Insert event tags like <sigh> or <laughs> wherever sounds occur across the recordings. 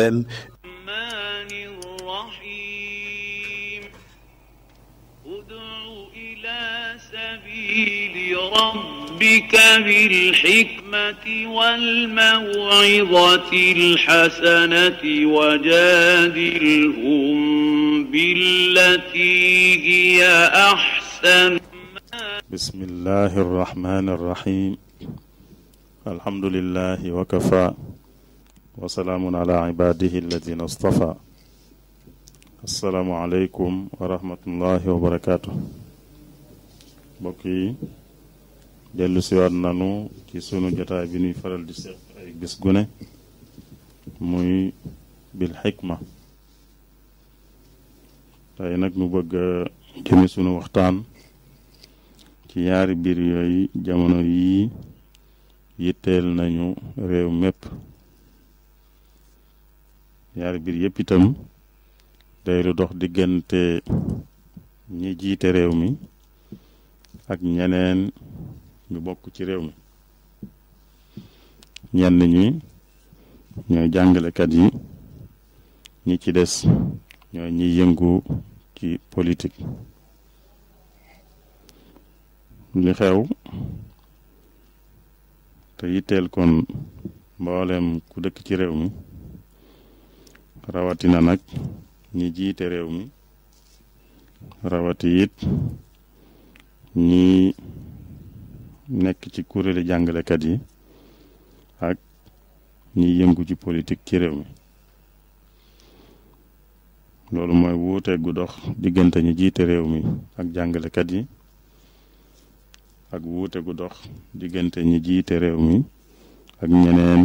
FM. ربك بالحكمة والموعظة الحسنة وجادلهم بالتي هي أحسن بسم الله الرحمن الرحيم الحمد لله وكفى وسلام على عباده الذين اصطفى السلام عليكم ورحمة الله وبركاته بكي دلو سيوار نانو كي سونو جتا اي فرال بسقوني موي بالحكمة تاينك نبغى جمي سونو وقتان كي ياري بيريوي جامنو يي يتيل نانو ريو ميب ريو ميب ñaari biir yëpp itam day lu dox diggante ñi jiite réew mi ak ñeneen ñu bokk ci réew mi ñenn ñi ñooy jàngalekat yi ñi ci des ñooy ñi yëngu ci politique li xew te yitteel kon mboolem ku dëkk ci réew mi rawatina nag ñi jiite réew mi rawati it ñi nekk ci kuréeli jàngalekat yi ak ñi yëngu ci politik ci réew mi loolu mooy wuute gu dox diggante ñi jiite réew mi ak jàngalekat yi ak wuute gu dox diggante ñi jiite réew mi ak ñeneen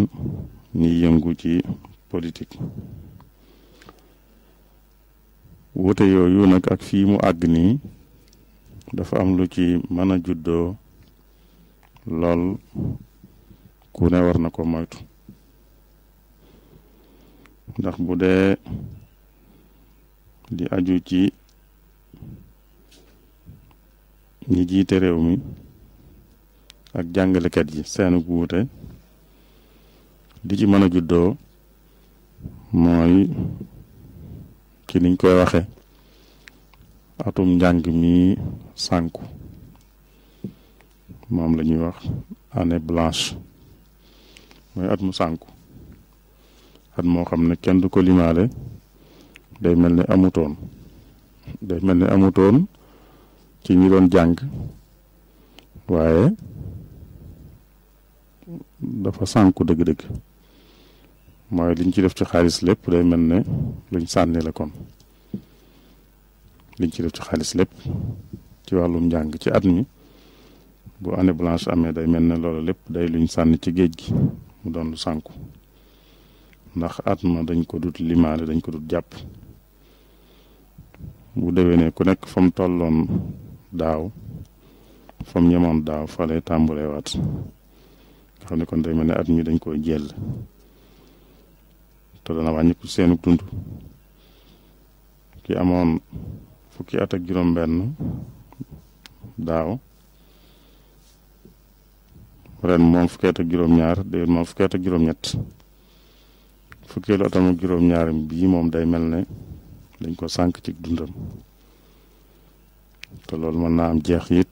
ñi yëngu ci politique wute yooyu nag ak fii mu àgg nii dafa am lu ci mën a juddoo lool ku ne war na ko moytu ndax bu dee di aju ci ñi jiite réew mi ak jàngalekat yi seenu wuute di ci mën a juddoo mooy ci niñ koy waxe atum njàng mi sànku moom la ñuy wax année blanche mooy at mu sànku at moo xam ne kenn du ko limaale day mel ni amutoon day mel ni amutoon ci ñi doon jàng waaye dafa sànku dëgg-dëgg mooy liñ ci def ci xaalis lépp day mel ne luñ sànni la kon liñ ci def ci xaalis lépp ci wàllum njàng ci at mi bu année blanche amee day mel ne loolu lépp day luñ sànni ci géej gi mu doon lu sànku ndax at ma dañ ko dut limaale dañ ko dut jàpp bu ne ku nekk fa mu tolloon daaw fa mu ñemoon daaw fa lay tàmbuleewaat nga xam ne kon day mel ne at mi dañ koy jël te dana wàññiku seenug dund ki amoon fukki at ak juróom-benn daaw ren moom fukki at ak juróom-ñaar déwén moom fukki at juróom-ñett fukkeelu atam ak juróom-ñaaram bii moom day mel ne dañ ko sànk ci dundam te loolu mën naa am jeex it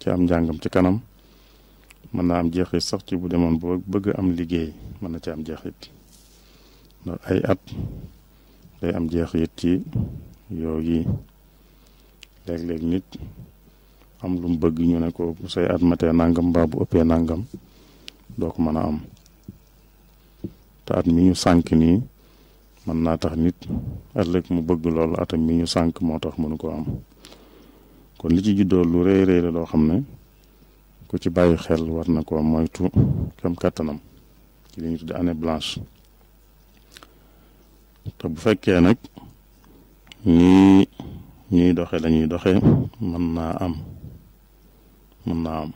ci am njàngam ci kanam mën naa am jeex it sax ci bu demoon boo bëgg am liggéey mën na ci am jeex it ndax ay at day am jeexit ci yoo yi léeg-léeg nit am lu mu bëgg ñu ne ko bu say at matee nangam ba bu ëppee nangam doo ko mën a am ta at mi ñu sànk nii man na tax nit ëllëg mu bëgg loolu at mi ñu sànk moo tax mënu ko am kon li ci juddoo lu rëy rëy la loo xam ne ku ci bàyyi xel war na ko moytu kam kàttanam ci li ñu tudde année blanche te bu fekkee nag ñii ñuy doxe lañuy doxe mën naa am mën naa am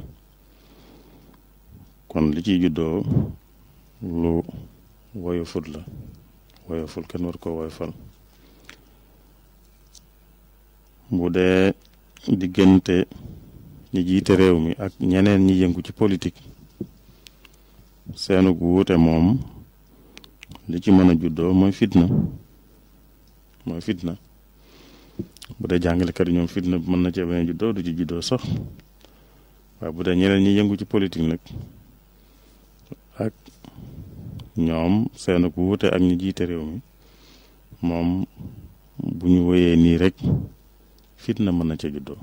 kon li ciy juddoo lu woyofut la woyoful kenn war ko woyofal bu dee diggante ñi jiite réew mi ak ñeneen ñi yëngu ci politique seenug wuute moom li ci mën a juddoo mooy fitna mooy fitna bu dee jàngalekat yi ñoom fitna mën na cee bañ a juddoo du ci juddoo sax waaye bu dee ñeneen ñi yëngu ci politique nag ak ñoom seen ku wuute ak ñi jiite réew mi moom bu ñu wéyee nii rek fitna mën na cee juddoo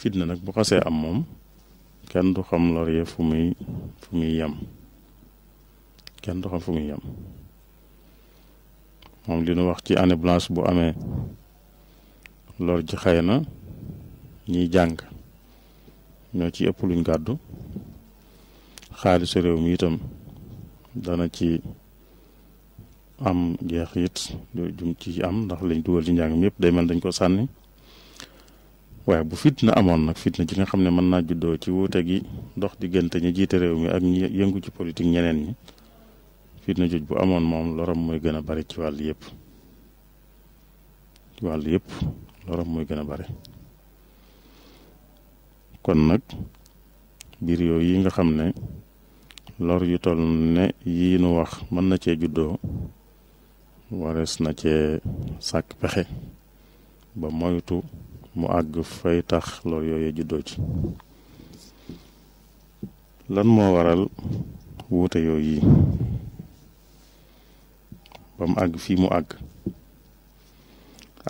fitna nag bu xasee am moom kenn du xam lor fu muy fu muy yem. kenn du fu muy yam moom li nu wax ci année blanche bu amee lor ji xëy na ñiy jàng ñoo ci ëpp luñ gàddu xaalisu réew mi itam dana ci am jeex it jum ci am ndax lañ dugal ci njàng mi yëpp day mel dañ ko sànni waaye bu fitna amoon nag fitna ji nga xam ne mën naa juddoo ci wuute gi dox diggante ñi jiite réew mi ak ñi yëngu ci politique ñeneen ñi na joj bu amoon moom loram mooy gën a bari ci wàll yëpp ci wàll yëpp loram mooy gën a bari kon nag biir yooyu yi nga xam ne lor yu toll ne yii nu wax mën na cee juddoo warees na cee sàkk pexe ba moytu mu àgg fay tax lor yooyee juddoo ci lan moo waral wuute yooyu yi ba àgg fii mu àgg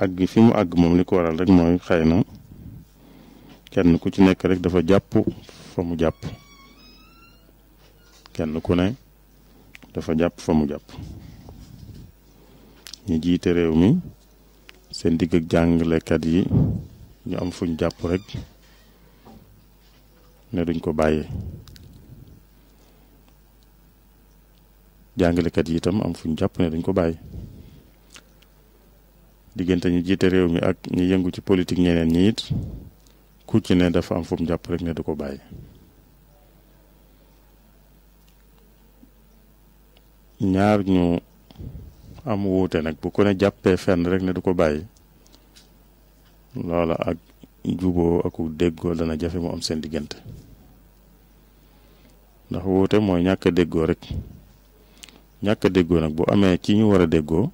àgg fi mu àgg moom li ko waral rek mooy xay na kenn ku ci nekk rek dafa jàpp famu jàpp kenn ku ne dafa jàpp fa jàpp ñu jiite réew mi seen digg ak jàngalekat yi ñu am fuñ jàpp rek ne duñ ko bàyyee jàngalekat yi am fu ñu jàpp ne dañ ko bàyyi diggante ñu jiite réew mi ak ñi yëngu ci politique ñeneen ñi it ku ci ne dafa am fu jàpp rek ne du ko bàyyi. ñaar ñu am wuute nag bu ko ne jàppee fenn rek ne du ko bàyyi loola ak juboo aku déggoo dana jafe mu am seen diggante ndax wuute mooy ñàkk a déggoo rek. ñàkk déggoo nag bu amee ci ñu war a déggoo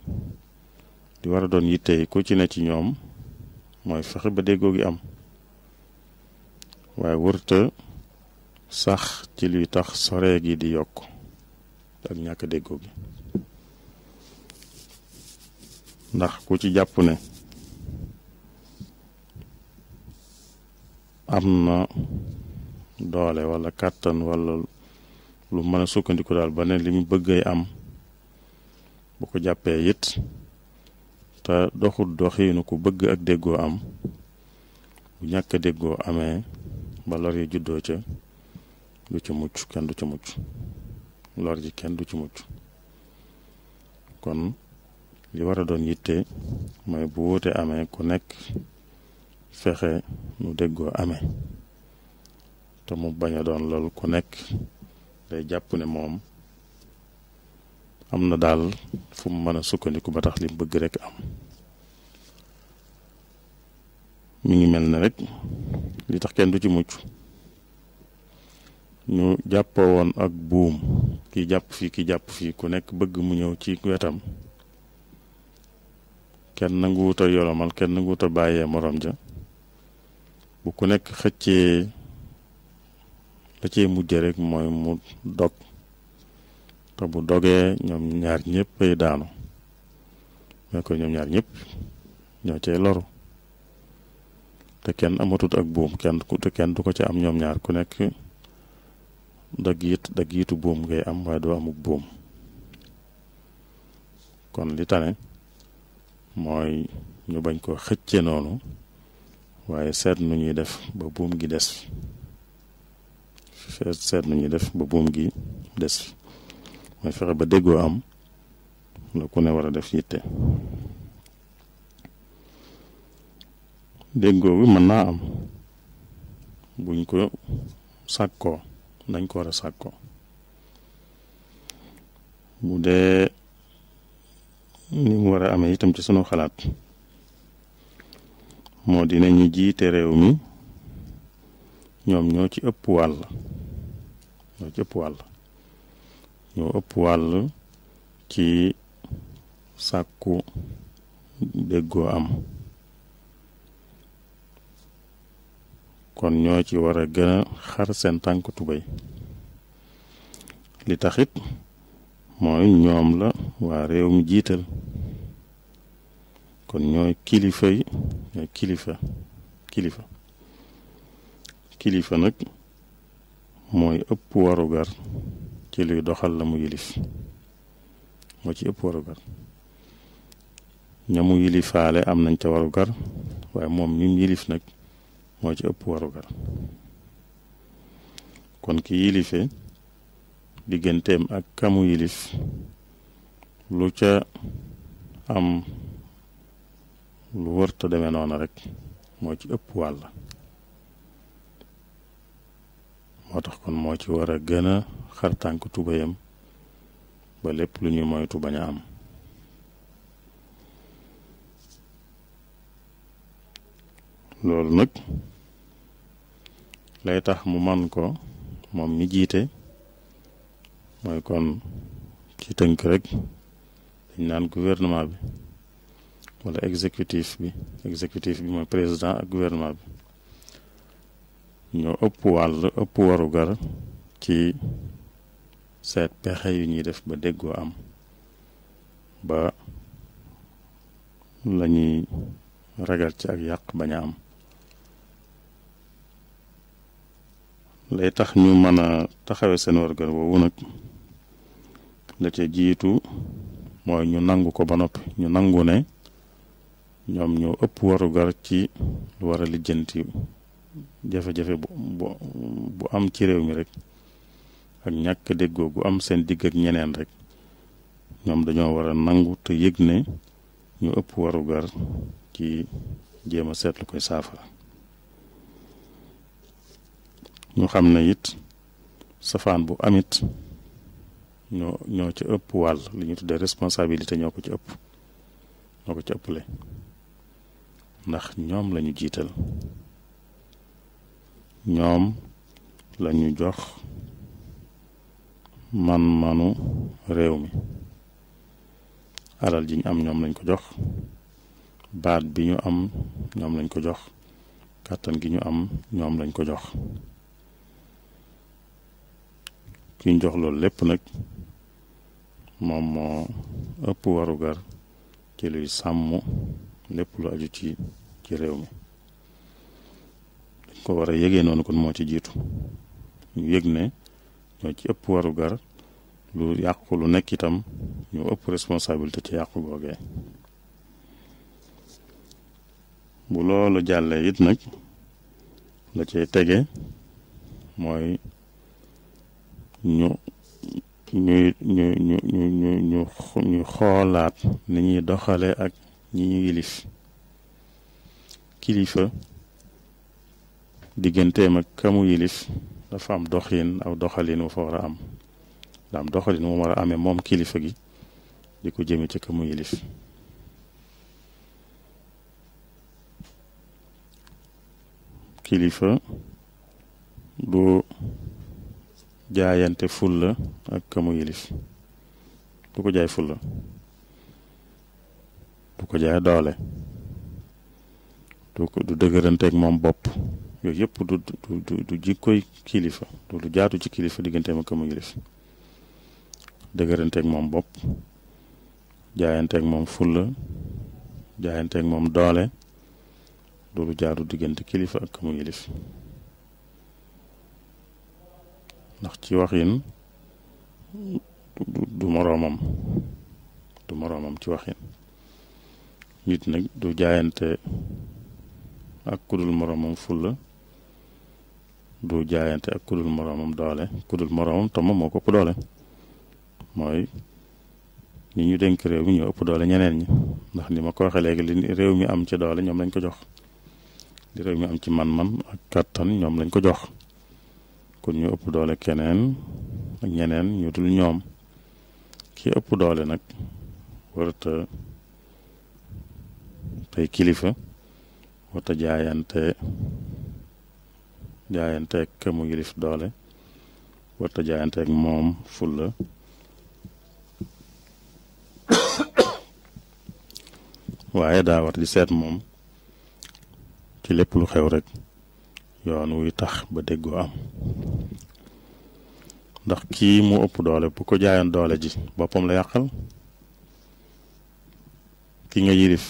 di war a doon yitte yi ku ci ne ci ñoom mooy fexe ba déggoo gi am waaye wërta sax ci luy tax soree gi di yokk ak ñàkk déggoo gi ndax ku ci jàpp ne am na doole walla kàttan walla lu mën a sukkandiku daal ba ne li mu bëggay am bu ko jàppee it te doxul doxiinu ku bëgg ak déggoo am bu ñàkk déggoo amee ba lor yi juddoo ca du ci mucc kenn du ci mucc lor ji kenn du ci mucc kon li war a doon yitte mooy bu wuute amee ku nekk fexe nu déggoo amee te mu bañ a doon loolu ku nekk day jàpp ne moom am na daal fu mu mën a sukkandiku ba tax lim bëgg rek am mi ngi mel ne rek li tax kenn du ci mucc ñu jàppoo ak buum ki jàpp fii ki jàpp fii ku nekk bëgg mu ñëw ci wetam kenn nanguwuta yolomal kenn nanguwuta bàyyee morom ja bu ku nekk xëccee la cee mujje rek mooy mu dog te bu dogee ñoom ñaar ñëppay daanu mais ko ñoom ñaar ñëpp ñoo cay loru te kenn amatut ak buum kenn kenn du ko ci am ñoom ñaar ku nekk dagg it dagg yitu buum ngay am waaye doo amuk buum kon li tane mooy ñu bañ ko xëcce noonu waaye seet nu ñuy def ba buum gi des seet seet nu ñuy def ba buum gi des mooy fexe ba déggoo am la ku ne war a def yitte déggoo bi mën naa am buñ ko sàkkoo nañ ko war a sàkkoo bu dee ni mu war a amee itam ci sunu xalaat moo di ñu jiite réew mi ñoom ñoo ci ëpp wàll ñoo ci ëpp wàll ñoo ëpp wàll ci sàkku déggoo am kon ñoo ci war a gën a xar seen tànk tubéy li taxit mooy ñoom la waa réew mi jiital kon ñooy kilifa yi kilifa kilifa kilifa nag mooy ëpp warugar luy doxal la mu yilif moo ci ëpp warugar ña yilifaale am nañ ca warugar waaye moom mim yilif nag moo ci ëpp warugar kon ki yilife digganteem ak kamu yilif lu ca am lu wërta deme noona rek moo ci ëpp wàll moo tax kon moo ci war a gën xar tànk tubayam ba lépp lu ñu moytu bañ am loolu nag lay tax mu man ko moom mi jiite mooy kon ci tënk rek dañ naan gouvernement bi wala exécutif bi exécutif bi mooy président ak gouvernement bi ñoo ëpp wàll ëpp warugar ci seet pexe yu ñuy def ba déggoo am ba la ñuy ragal ci ak yàq bañ a am lay tax ñu mën a taxawe seen wargal woowu nag la ca jiitu mooy ñu nangu ko ba noppi ñu nangu ne ñoom ñoo ëpp warugar ci lu war a lijjanti jafe-jafe bu bu am ci réew mi rek ak ñàkk déggoo gu am seen digg ak ñeneen rek ñoom dañoo war a nangu te yëg ne ñu ëpp warugar ci jéem a seetlu koy saafara ñu xam na it safaan bu amit ñoo ñoo ci ëpp wàll li ñu tuddee responsabilité ñoo ko ci ëpp ñoo ci ëpple ndax ñoom lañu jiital ñoom lañu jox man-manu réew mi alal jiñ am ñoom lañ ko jox baat bi ñu am ñoom lañ ko jox kàttan gi ñu am ñoom lañ ko jox ki ñu jox loolu lépp nag moom moo ëpp warugar ci luy sàmm lépp lu aju ci ci réew mi dañ ko war a noonu kon moo ci jiitu ñu yég ne ñoo ci ëpp warugar lu yàqu lu nekk itam ñoo ëpp responsabilité ci yàqu googee bu loolu jàllee it nag la cay tege mooy ñu ñu ñu ñu ñu ñu ñu xoolaat ni ñuy doxalee ak ñi ñu yilif kilifa digganteem ak kamu yilif dafa am doxin aw doxalin wu fa war a am da am doxalin wu war a ame moom kilifa gi di ko jëme ci ka mu yilif kilifa du jaayante fulla ak ka yilif du ko jaay fulla du ko jaay doole du ko du moom bopp yooyu yëpp du du du jikkoy kilifa du lu jaatu ci kilifa diggante ak mu yilif dëgëranteeg moom bopp jaayanteeg moom fulla jaayanteeg moom doole du lu jaatu diggante kilifa ak mu yilif ndax ci waxin du moroomam du moroomam ci waxin nit nag du jaayante ak kudul moroomam fulla du jaayante ak kudul moroomam doole kudul moroomam te moom moo ko ëpp doole mooy ñi ñu dénk réew mi ñoo ëpp doole ñeneen ñi ndax ni ma ko waxee léegi li réew mi am ci doole ñoom lañ ko jox li ci man-man ak kattan ñoom lañ ko jox kon ñu ëpp doole keneen ak ñeneen ñu dul ñoom ki ëpp doole nag warata tey kilifa warta jaayante jaayante ak kemu yilif doole warta jaayanteeg moom fulla waaye daa war di seet moom ci lépp lu xew rek yoon wuy tax ba déggoo am ndax kii mu ëpp doole bu ko jaayoon doole ji boppam la yàqal ki nga yilif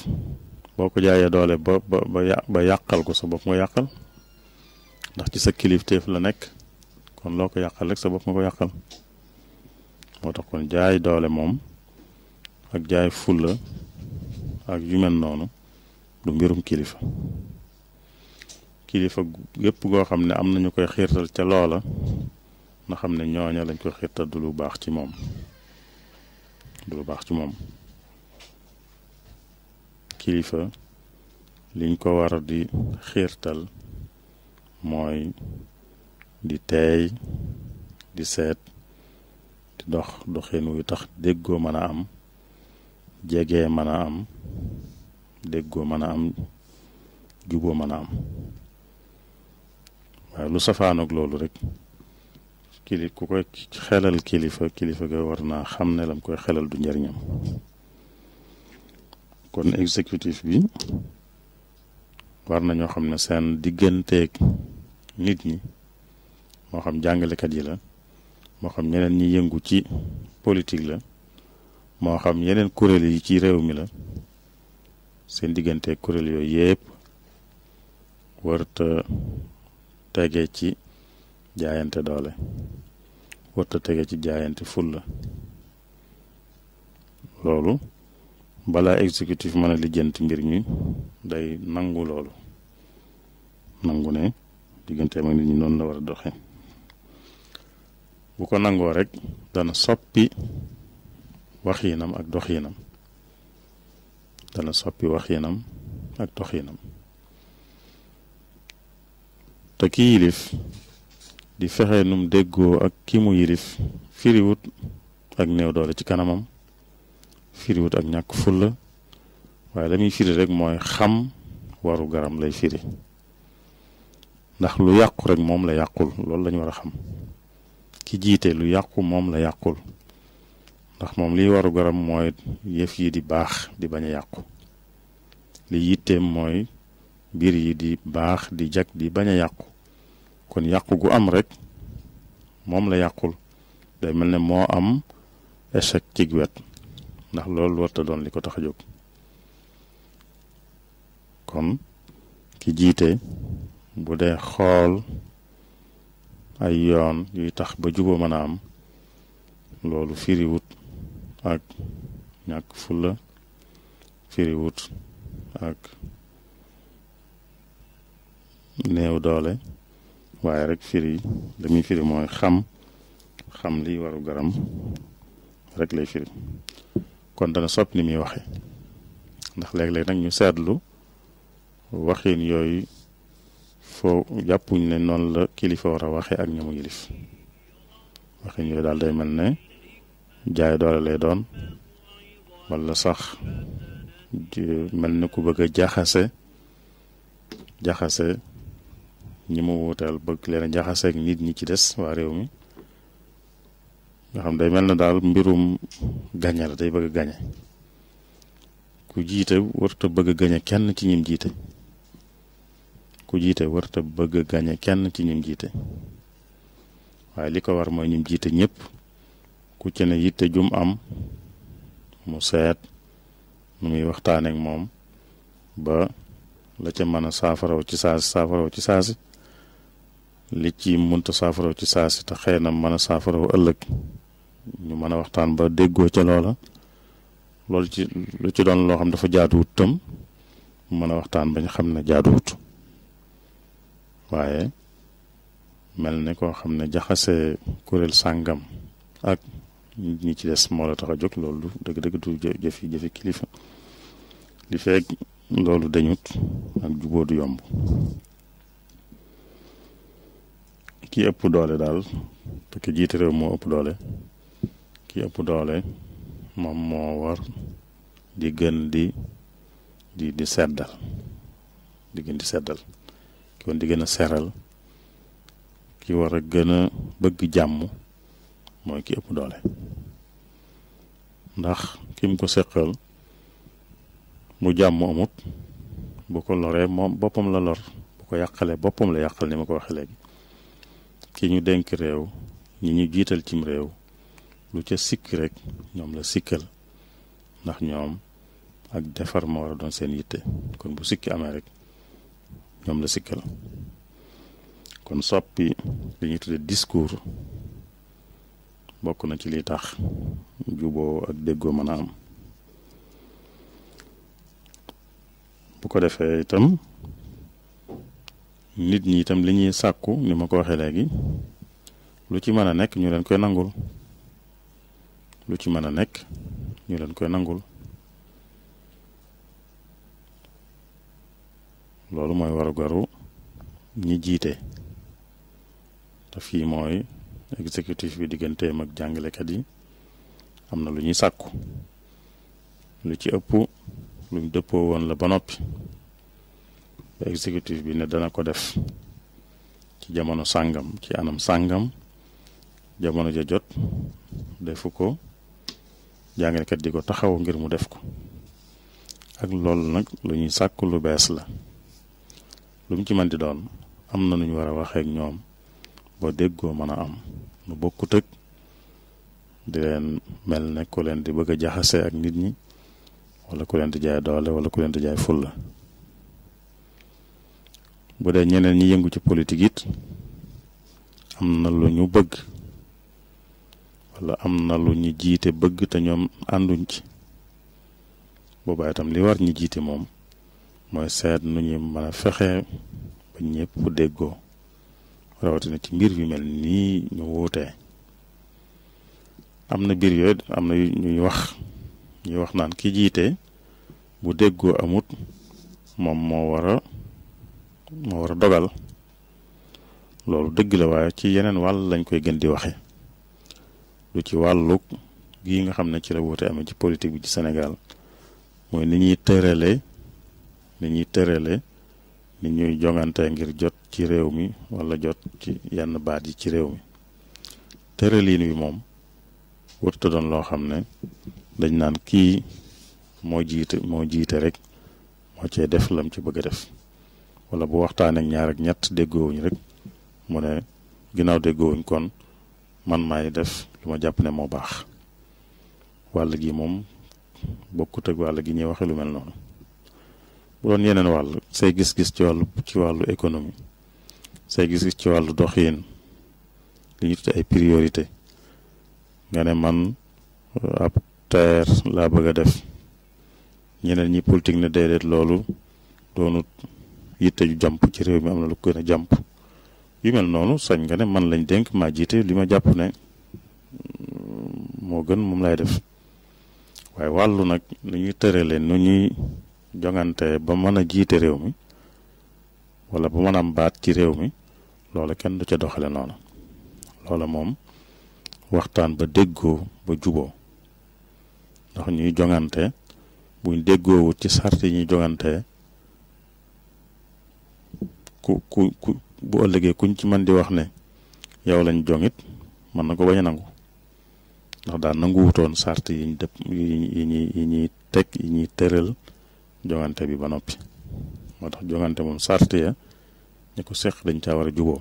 boo ko doole ba ba ba yàqal ko sa bopp nga yàqal ndax ci sa kilifteef la nekk kon loo ko yàqal rek sa bopp nga ko yàqal moo tax kon jaay doole moom ak jaay fulla ak yu noonu du mbirum kilifa kilifa gépp goo xam ne am na ñu koy xiirtal ca loola na xam ne ñooña lañ koy xiirtal lu baax ci moom du lu baax ci moom kilifa liñ ko war di xiirtal mooy di teey di seet di dox doxin wu tax déggoo mën a am jegee mën a am déggoo mën a am juboo mën a am waaye lu safaanoog loolu rek kili ku koy xelal kilifa kilifa ga war naa xam ne lam koy xelal du njariñam kon exécutif bi war na ñoo xam ne seen digganteeg nit ñi moo xam jàngalekat yi la moo xam ñeneen ñi yëngu ci politique la moo xam yeneen kuréel yi ci réew mi la seen digganteeg kuréel yooyu yépp warta tege ci jaayante doole warta tege ci jaayante fulla loolu balaa exécutif mën a lijjanti mbir mi day nangu loolu nangu ne digganteem ak nit ñi noonu la war a doxe bu ko nangoo rek dana soppi waxiinam ak doxinam dana soppi waxiinam ak doxiinam te ki yilif di fexe num déggoo ak ki mu yilif firiwut ak néew doole ci kanamam firiwut ak ñàkk fulla waaye la muy firi rek mooy xam waru garam lay firi ndax lu yàqu rek moom la yàqul loolu lañu war a xam ki jiite lu yàqu moom la yàqul ndax moom liy waru garam mooy yëf yi di baax di bañ a yàqu li yitteem mooy biir yi di baax di jag di bañ a yàqu kon yàqu gu am rek moom la yàqul day mel ne moo am échec ci wet ndax loolu warta doon li ko tax a jóg kon ki jiite bu dee xool ay yoon yuy tax ba juba mën a am loolu firiwut ak ñàkk fulla firiwut ak néew doole waaye rek firi li muy firi mooy xam xam liy waru garam rek lay firi kon dana sopp ni muy waxe ndax léeg-léeg nag ñu seetlu waxin yooyu foo jàppuñ ne noonu la kilifa war a waxee ak ñamu yilif waxin yooyu daal day mel ne jaay doole lay doon wala sax mel ne ku bëgg a jaxase jaxase ñi mu wuuteel bëgg leen a jaxase nit ñi ci des waa réew mi nga xam day mel na daal mbirum gañe la day bëgg gañe ku jiite warta bëgg gañe kenn ci ñim jiite ku jiite warta bëgg a gañe kenn ci ñum jiite waaye li ko war mooy ñum jiite ñëpp ku ci ne yitte jum am mu seet nu muy waxtaane moom ba la ca mën a saafaraw ci saasi saafaraw ci saasi li ci munta saafaraw ci saasi te xëy na mën a saafaraw ëllëg ñu mën a waxtaan ba déggoo ca loola loolu ci lu ci doon loo xam dafa jaaduwut tam mën a waxtaan ba ñu xam ne jaaduwut waaye mel ne koo xam ne jaxase kuréel sàngam ak ñi ci des moo la tax a jóg loolu dëgg-dëgg du jëfi jëfi kilifa li feeg loolu dañut ak jubóo du yomb ki ëpp doole daal parce que jiite réew moo ëpp doole ki ëpp doole moom moo war di gën di di di seddal di gën di seddal ki di gën a seral ki war a gën a bëgg jàmm mooy ki ëpp doole ndax kim ko seqal bu jàmm amut bu ko loree moom boppam la lor bu ko yàqalee boppam la yàqal ni ma ko waxee léegi ki ñu dénk réew ñu ñu jiital cim réew lu ca sikk rek ñoom la sikkal ndax ñoom ak defar ma war a doon seen yitte kon bu sikki amee rek ñoom la sikkel kon soppi li ñuy tuddee discours bokk na ci li tax juboo ak déggoo mën a am bu ko defee itam nit ñi itam li ñuy sàkku ni ma ko waxee léegi lu ci mën a nekk ñu leen koy nangul lu ci mën a nekk ñu leen koy nangul loolu mooy warugaru ñi jiite te fii mooy exécutif bi digganteem ak jàngalekat yi am na lu ñuy sàkku lu ci ëpp luñ dëppoo woon la ba noppi exécutif bi ne dana ko def ci jamono sàngam ci anam sàngam jamono ja jot defu ko jàngalekat di ko taxaw ngir mu def ko ak loolu nag lu ñuy sàkku lu bees la lu mu ci manti doon am na nu ñu war a waxee ak ñoom ba déggoo mën a am nu bokkut ak di leen mel ne ku leen di bëgg a jaxase ak nit ñi wala ku leen di jaay doole wala ku leen di jaay fulla bu dee ñeneen ñi yëngu ci politique it am na lu ñu bëgg wala am na lu ñu jiite bëgg te ñoom ànduñ ci boobaa itam li war ñi jiite moom mooy seet nu ñu mën a fexe ba ñëpp déggoo rawatina ci mbir yu mel nii ñu wuutee am na biir yooyu am na ñuy wax ñuy wax naan ki jiite bu déggoo amut moom moo war a moo war a dogal loolu dëgg la waaye ci yeneen wàll lañ koy gën di waxe lu ci wàllug gi nga xam ne ci la wuute amee ci politique bi ci senegal mooy ni ñuy tëralee ni ñuy tërale ni ñuy jongante ngir jot ci réew mi walla jot ci yenn baat yi ci réew mi tëraliin wi moom wërta doon loo xam ne dañ naan kii moo jiite moo jiite rek moo cee def lam ci bëgg a def wala bu waxtaanee ak ñaar ak ñett déggoowuñ rek mu ne ginnaaw déggoowuñ kon man maay def lu ma jàpp ne moo baax wàll gi moom bokkut ak wàll gi ñuy waxe lu mel noonu bu doon yeneen wàll say gis-gis ci wàllu ci wàllu économie say ci wàllu doxiin li ay priorité nga ne man euh, ab tailleur laa bëgg a def ñeneen ñi politique ne déedéet loolu doonut yitte ju jàmp ci réew mi am na lu gën a jàmp yu mel noonu sañ nga ne man lañ dénk maa jiite li ma jàpp ne moo gën moom laay def waaye wàllu nag lu ñuy tëralee nu ñuy jongante ba mën jité jiite réew mi wala ba mën am baat ci réew mi loola kenn du ci doxale non loola mom waxtaan ba déggo ba jubo ndax ñuy jongante buñ wu ci jongante ku ku ku bu ëllëgé kuñ ci mën di wax né yow lañ jongit mën nako baña nangu ndax daal nanguwutoon sart yi yi yi jongante bi ba noppi moo tax jongante moom sart ya ñu ko seq dañ caa war a juboo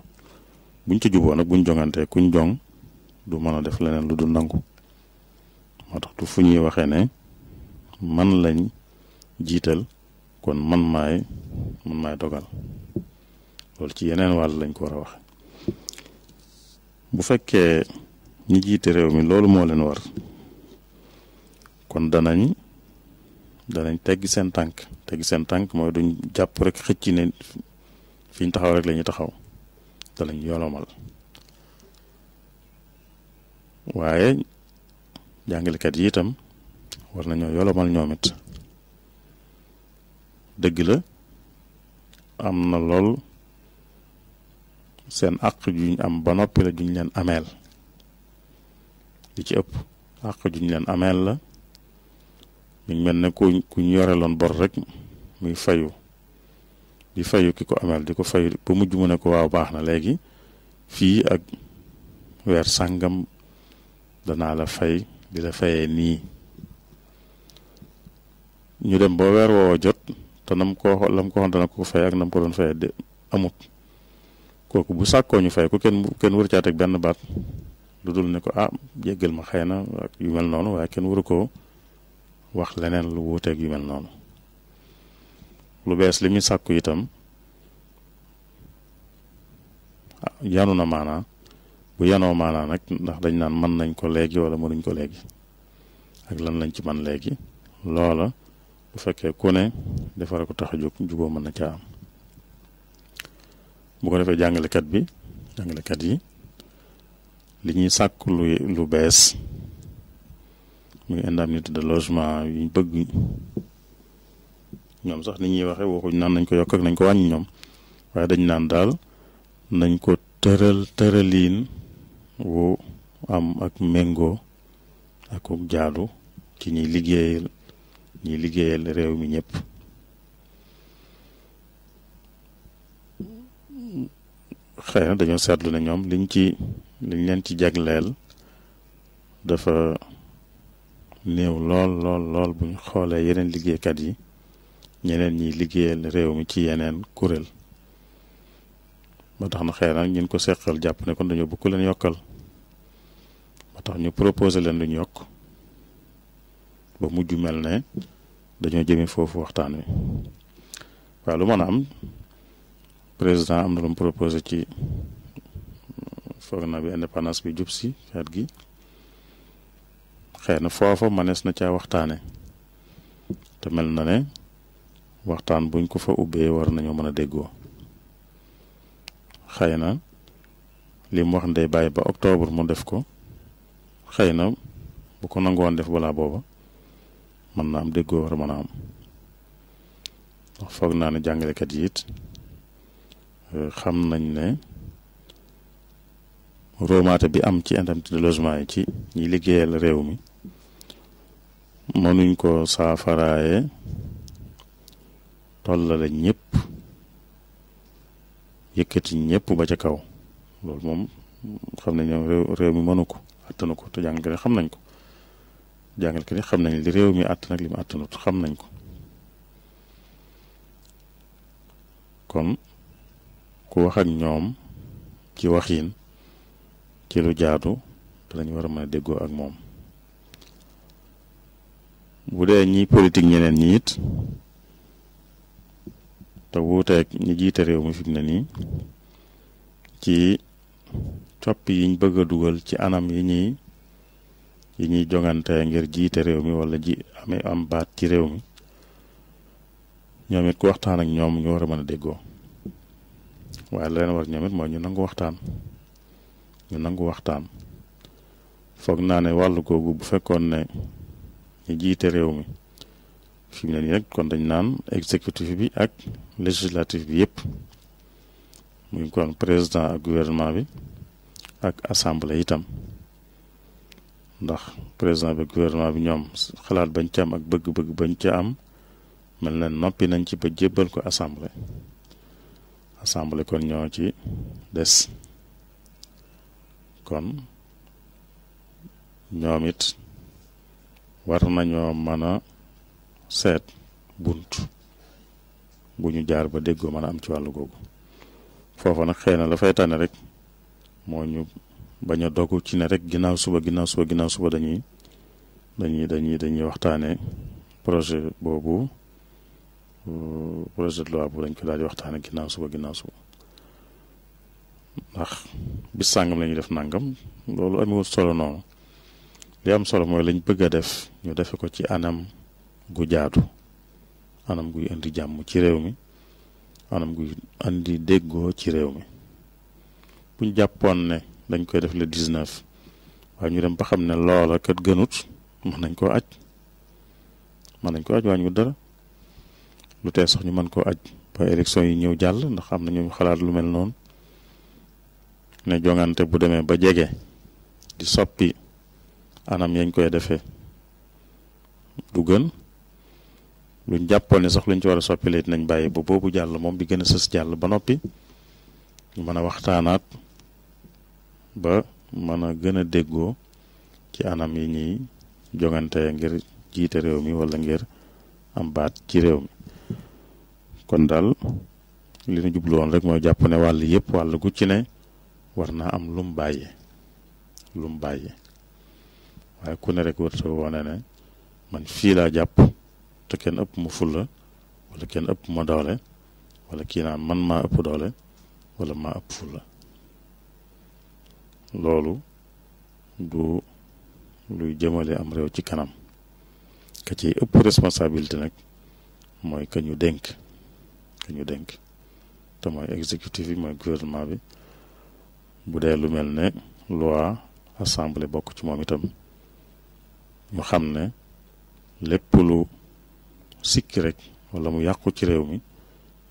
buñ ci juboo nag buñ jongante kuñ jong du mën a def leneen lu dul nangu moo tax tu fu ñuy waxee ne man lañ jiital kon man maay man maay dogal loolu ci yeneen wàll lañ ko war a wax bu fekkee ñi jiite réew mi loolu moo leen war kon danañ danañ teggi seen tànk teggi seen tànk mooy duñ jàpp rek xëcc ne fiñ taxaw rek la ñuy taxaw danañ yolomal waaye jàngalekat yi itam war nañoo yolomal ñoom dëgg la am na lool seen àq juñ am ba noppi la juñ leen ameel li ci ëpp àq juñ leen ameel la mi mel ne ku ku ñu yoreloon bor rek muy fayu di fayu ki ko ameel di ko fayu ba mujj mu ne ko waaw baax na léegi fii ak weer sàngam danaa la fay di la faye nii ñu dem ba weer woowa jot te nam ko lam ko waxoon dana ko fay ak nam ko doon fayee de amut kooku bu sàkkoo ñu fay ko kenn kenn wër caa benn baat lu dul ne ko ah jéggal ma xay na ak yu mel noonu waaye kenn waru ko wax leneen lu wuuteeg yu mel noonu lu bees li muy sàkku itam yanu na maana bu yanoo maana nag ndax dañ naan mën nañ ko léegi wala mënuñ ko léegi ak lan lañ ci man léegi loola bu fekkee ku ne defara ko tax a jóg juboo mën na caa am bu ko defee jàngalekat bi jàngalekat yi li ñuy sàkk lu lu bees muy nit de logement yi bëgg ñoom sax ni ñuy waxee waxuñ naan nañ ko yokk ak nañ ko wàññi ñoom waaye dañ naan daal nañ ko tëral tëraliin wu am ak méngoo ak jaadu ci ñiy liggéeyal ñiy liggéeyal réew mi ñëpp xëy na dañoo seetlu ne ñoom liñ ci liñ leen ci jagleel dafa néew lool lool lool bu ñu xoolee yeneen liggéeykat yi ñeneen ñiy liggéeyal réew mi ci yeneen kuréel ba tax na xëy na ñun ko seqal jàpp ne kon dañoo bukk leen yokkal ba tax ñu proposé leen lu yokk ba mujj mel ne dañoo jëme foofu waxtaan wi waaw lu mën a am président am na lu mu ci foog na bi indépendance bi jub si xeet gi. xëy na foofa mënees na caa waxtaane te mel na ne waxtaan buñ ko fa ubbee war nañoo mën a déggoo xëy na li mu wax ndey bàyyi ba octobre mu def ko xëy na bu ko nangoon def balaa booba mën na am déggoo war a mën a am ndax foog naa ne jàngalekat yit euh, xam nañ ne roomaate bi am ci indemnité de logement yi ci ñi liggéeyal réew mi mënuñ ko saafaraaye tollale ñépp yëkkati ñépp ba ca kaw loolu moom xam nañ réew réew mi mënu ko attanu ko te jàngal xam nañ ko jàngal ki xam nañ li réew mi att ak li mu attanu xam nañ ko kon ku wax ak ñoom ci waxin ci lu jaadu danañ war a mën a déggoo ak moom bu dee ñi politique ñeneen ñi it te wuuteeg ñi jiite réew mi fim na nii ci copp yiñ bëgg a dugal ci anam yi ñi yi ñuy jongante ngir jiite réew mi walla ji amee am baat ci réew mi ñoom it ku waxtaan ak ñoom ñu war a mën a déggoo waaye la leen war ñoom mooy ñu nangu waxtaan ñu nangu waxtaan foog naa ne wàll googu bu fekkoon ne ñu jiite réew mi fi mu ne nii nag kon dañ naan exécutif bi ak législatif bi yépp muy kon président ak gouvernement bi ak assemblée itam ndax président bi ak gouvernement bi ñoom xalaat bañ ca am ak bëgg-bëgg bañ ca am mel na noppi nañ ci ba jébbal ko assemblée assemblée kon ñoo ci des kon ñoom it war nañoo mën a seet bunt bu ñu jaar ba déggoo mën a am ci wàllu googu foofa nag xëy na la fay rek moo ñu baña a ci ne rek ginnaaw suba ginnaaw suba ginnaaw suba dañuy dañuy dañuy dañuy waxtaanee projet boobu projet de loi boobu dañ ko daal di waxtaanee ginnaaw suba ginnaaw suba ndax bis sàngam la def nàngam loolu amewul solo noonu. li solo mooy lañ bëgg a def ñu defe ko ci anam gu jaadu anam guy indi jàmm ci réew mi anam guy indi déggoo ci réew mi buñ jàppoon ne dañ koy def le 19 waaye ñu dem ba xam ne loola kat gënut mën nañ koo aj mën nañ koo aj waañu dara lu tee sax ñu mën koo aj ba élection yi ñëw jàll ndax am na ñu xalaat lu mel noonu ne jongante bu demee ba jege di soppi anam yañ koy defé du gën lu jàppoon ni sax luñ ci wara soppi soppilee dinañ bàyyi ba boobu jàll moom bi gën a sës ba noppi ñu mën a waxtaanaat ba mën a gën a déggoo ci anam yi ñuy jongante ngir jiite réew mi wala ngir am baat ci réew mi kon daal li ñu jublu woon rek mooy jàpp ne wàll yépp wàll gu ci ne war am lum bàyyi lum bàyyi waaye ku ne rek warta wone ne man fii laa jàpp te kenn ëpp ma fulla wala kenn ëpp ma doole wala kii naan man maa ëpp doole wala maa ëpp fulla loolu du luy jëmale am réew ci kanam ka ci ëpp responsabilité nag mooy ka ñu dénk ka ñu dénk te mooy exécutif bi mooy gouvernement bi bu dee lu mel ne loi assemblée bokk ci moom itam ñu xam ne lépp lu sikki rek wala mu yàqu ci réew mi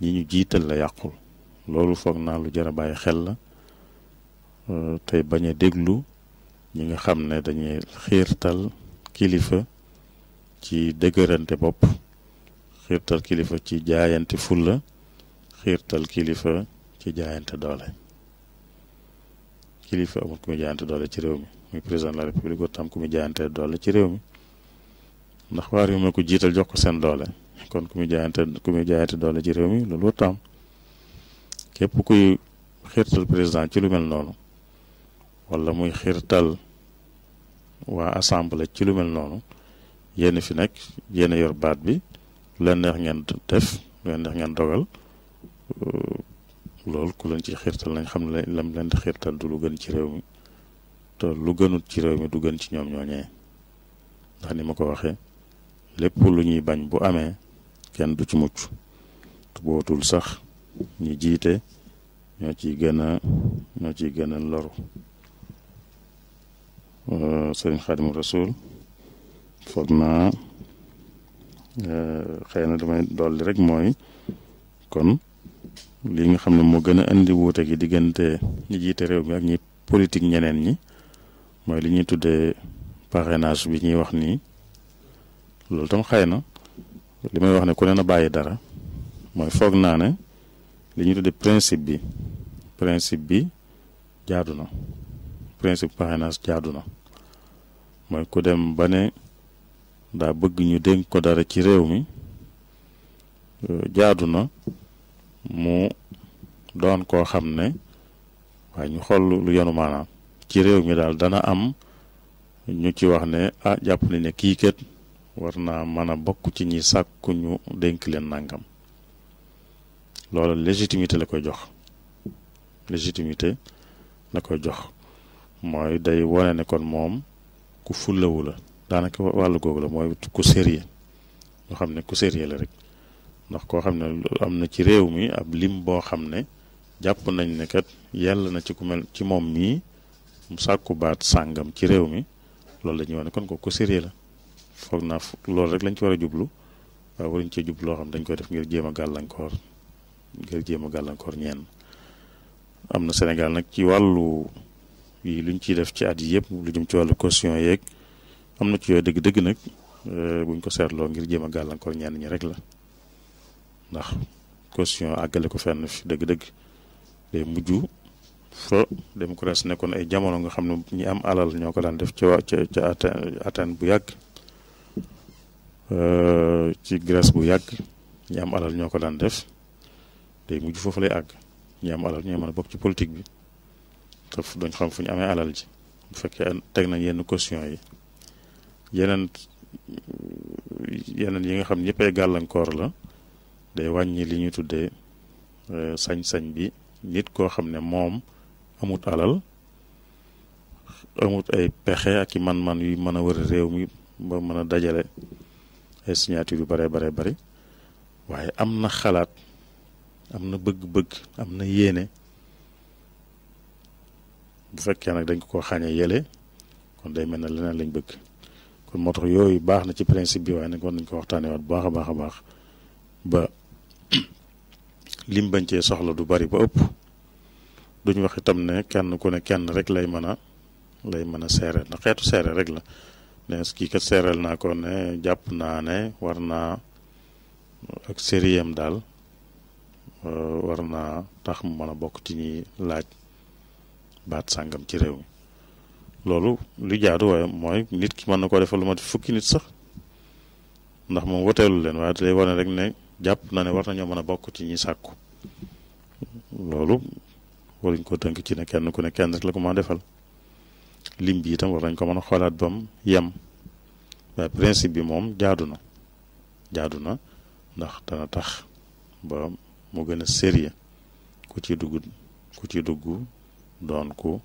ñi ñu jiital la yàqul loolu foog naa lu jar a bàyyi xel la euh, tey bañ a déglu ñi nga xam ne dañuy xiirtal kilifa ci dëgërante bopp xiirtal kilifa ci jaayante fulla xiirtal kilifa ci jaayante doole kilifa amul ku jaayante doole ci réew mi muy président de la république war tam ku mu jaayante doole ci réew mi ndax waa réew mi ko jiital jox ko seen doole kon ku muy jaayante ku mu jaayante doole ci réew mi loolu war tam képp kuy xiirtal président ci lu mel noonu wala muy xiirtal waa assemblée ci lu mel noonu yéen fi nekk yéen yor baat bi lu leen neex ngeen def lu leen neex ngeen dogal euh, loolu ku leen ci xiirtal nañ xam ne lam leen di xiirtal du lu gën ci réew mi tool lu gënut ci réew mi du gën ci ñoom ñooñee ndax ni ma ko waxe lépp lu ñuy bañ bu amee kenn du ci mucc te bootul sax ñi jiite ñoo ciy gën a ñoo ciy gën a loru euh, sëriñ Xaadimu Rasuul foog naa euh, xëy na damay dolli rek mooy kon li nga xam ne moo gën a indi wuute gi diggante ñi jiite réew mi ak ñi politique ñeneen ñi mooy li ñuy tuddee parrainage bi ñuy wax nii loolu tam xëy na li may wax ne ku ne na bàyyi dara mooy foog naa ne li ñuy tuddee principe bi principe bi jaadu na principe parrainage jaadu na mooy ku dem ba ne daa bëgg ñu dénk ko dara ci réew mi euh, jaadu na mu doon koo xam ne waaye ñu xool lu yanu maanaam ci réew mi daal dana am ñu ci wax ne a ah, jàpp nañ ne kii kat war naa mën a bokk ci ñi sàkku ñu dénk leen nàngam loola légitimité la koy jox légitimité la koy jox mooy day wane ne kon moom ku fullawu la daanaka wàllu googu la mooy ku sérieux loo xam ne ku sérieux la rek ndax koo xam ne am na ci réew mi ab lim boo xam ne jàpp nañ ne kat yàlla na ci ku mel ci moom mii mu sàkku baat sàngam ci réew mi loolu la ñuy wax ne kon ko ku sérieux la foog naa loolu rek lañ ci war a jublu waaye waruñ cee jublu loo xam dañ koy def ngir jéem a gàllankoor ngir jéem a gàllankoor ñeen am na Sénégal nag ci wàllu yi luñ ciy def ci at yi yëpp lu jum ci wàllu caution yeeg am na ci yooyu dëgg-dëgg nag euh, buñ ko seetloo ngir jéem a gàllankoor ñeen ñi rek la ndax caution àggale ko fenn dëgg-dëgg day mujj fa démocratie nekkoon ay jamono nga xam ne ñi am alal ñoo ko daan def ca waa ca ca Athènes bu yàgg euh, ci Grèce bu yàgg ñi am alal ñoo ko daan def day mujj foofu lay àgg ñi am alal ñoo mën a bokk ci politique bi te dañ xam fu ñu amee alal ji bu fekkee teg nañ yenn caution yi yeneen yeneen yi nga xam ñëpp ay gàllankoor la day wàññi li ñuy tuddee euh, sañ-sañ bi nit koo xam ne moom amut alal amut ay pexe ak i man-man yu mën a wër réew mi ba mën a dajale ay signature yu bare bare bari waaye am na xalaat am na bëgg-bëgg am na yéene bu fekkee nag dañ ko ko xàññee yële kon day mel na leneen lañ bëgg kon moo tax yooyu baax na ci principe bi waaye nekkoon dañ ko waxtaanee waat bu baax a baax a baax ba <clears throat> lim bañ cee soxla du bari ba ëpp duñ wax itam ne kenn ku ne kenn rek lay mën a mën a seere ndax xeetu seere rek la ne kii naa ko ne jàpp naa ne war naa ak sériyam daal euh, war naa tax mu a bokk ci laaj baat sàngam ci réew loolu li jaadu waaye mooy nit ki mën na koo defal lu mat fukki nit sax ndax moom woteelu leen waaye day wane rek ne jàpp na ne war nañoo mën a bokk ci ñi sàkku loolu waruñ koo tënk ci ne kenn ku ne kenn rek la ko mën a defal lim bi itam war nañ ko mën a xoolaat ba yam yem waaye principe bi moom jaadu na jaadu na ndax dana tax ba mu gën a sérieux ku ci dugg ci dugg doon ku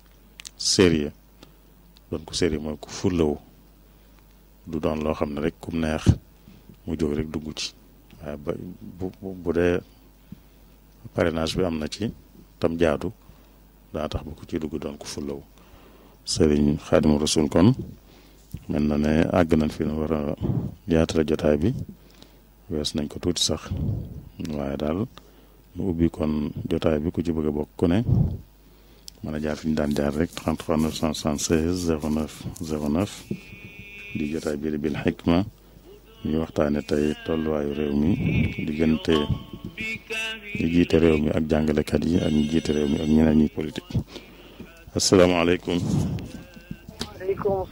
sérieux doon ku sérieux mooy ku fullawu du doon loo xam ne rek kum neex mu jóg rek dugg ci waaye ba bu bu dee parrainage bi am na ci tam jaadu daa tax ba ku ci dugg doon ko fullaw sëriñ xaadimu rasul kon mel na ne àgg nañ fi nu war a yaatale jotaay bi wees nañ ko tuuti sax waaye daal mu ubbi kon jotaay bi ku ci bëgg a bokk ku ne mën a jaar fi ñu daan jaar rek 33 976 09 09 di jotaay bi bil xikma ñu waxtaane tey tolluwaayu réew mi diggante ñu jiite réew mi ak jàngalekat yi ak ñu jiite réew mi ak ñeneen ñi politique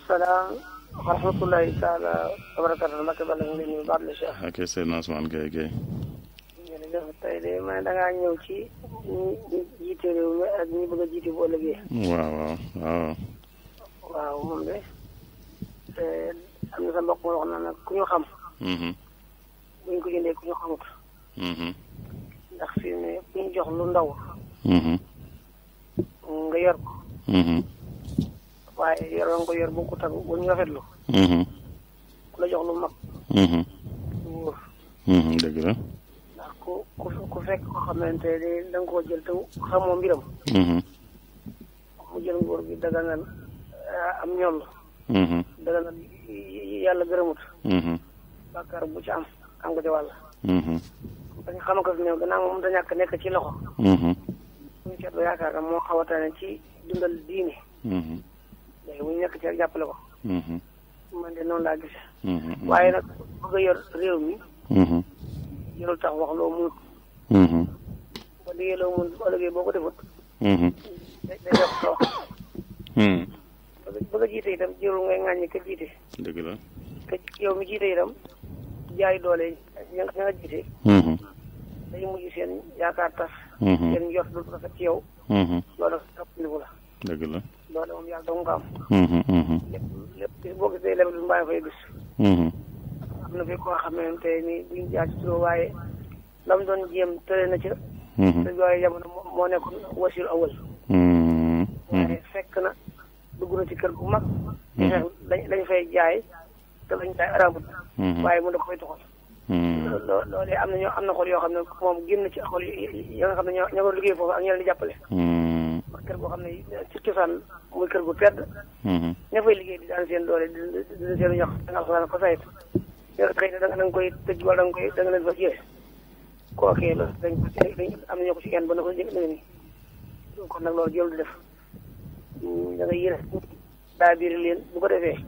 taala wa barakatu Mbacke Balla ñu ngi na sa mbokk na nag xam. Mm-hmm. bu ñu xamut. Mm-hmm. ndax fii ne ku jox lu ndaw. Mhm. nga yor ko. Mhm. waaye yor bu ko tag bu ñu rafetlu. Mhm. ku la jox lu mag. wóor. dëgg la. ndax ku ku fekk ko xamante ne da nga koo jël te xamoo mbiram. mu jël nguur gi daganal ah, am ñoom la. daganal yàlla gërëmut. bàkkaar bu ci am am nga ci wàll. dañu xam ko fi néew gannaaw moom da ñàkk nekk ci loxo. suñu mm-hmm. seetlu yaakaar moo xaw a tane ci dundal diine. Mm-hmm. léegi bu ñu nekk ci rek mm-hmm. man de noonu laa gis. waaye nag bëgg a yor réew mi. yorul tax wax loo munut. ba liggéey loo ba liggéey boo ko defut. day day def soo a jiite itam jërul ngay ŋàññi ka jiite. dëgg la. te yow mi jiite itam. jaay doole ña nga ña nga jiite. Mm-hmm. dañu seen yaakaar tas. Mm-hmm. seen yow. Mm-hmm. loolu soppandiku la. dëgg moom yàlla dong nga am. lépp lépp boo gisee leb du mbaa koy gis. am na fi koo xamante ni buñ jaar ci turo waaye la mu doon jéem tële na ci. te yooyu jamono moo nekkoon wasil awal. waaye fekk na dugg na ci kër gu mag. dañ dañ fay jaay. lañ koy arabul. Mm-hmm. waaye mën na ko fay toxal. Mm-hmm. loo loolee am na ñoo am na xol yoo xam ne moom génn ci xol yi nga xam ne ñoo ñoo ko liggéey foofu ak ñoo leen di jàppale. ndax mm-hmm. kër goo xam ne ci cosaan muy kër gu tedd. ña fay liggéey di daan seen doole di di seen ñox da nga alxuraan ko sayt yow xëy na da nga koy tëj wala da nga koy da nga leen fa jëlee kookee la dañ ko dañ am na ñoo ko si kenn ba na ko jëlee na ni kon nag loolu jël du def mm, da nga yéene daa biir leen bu ko defee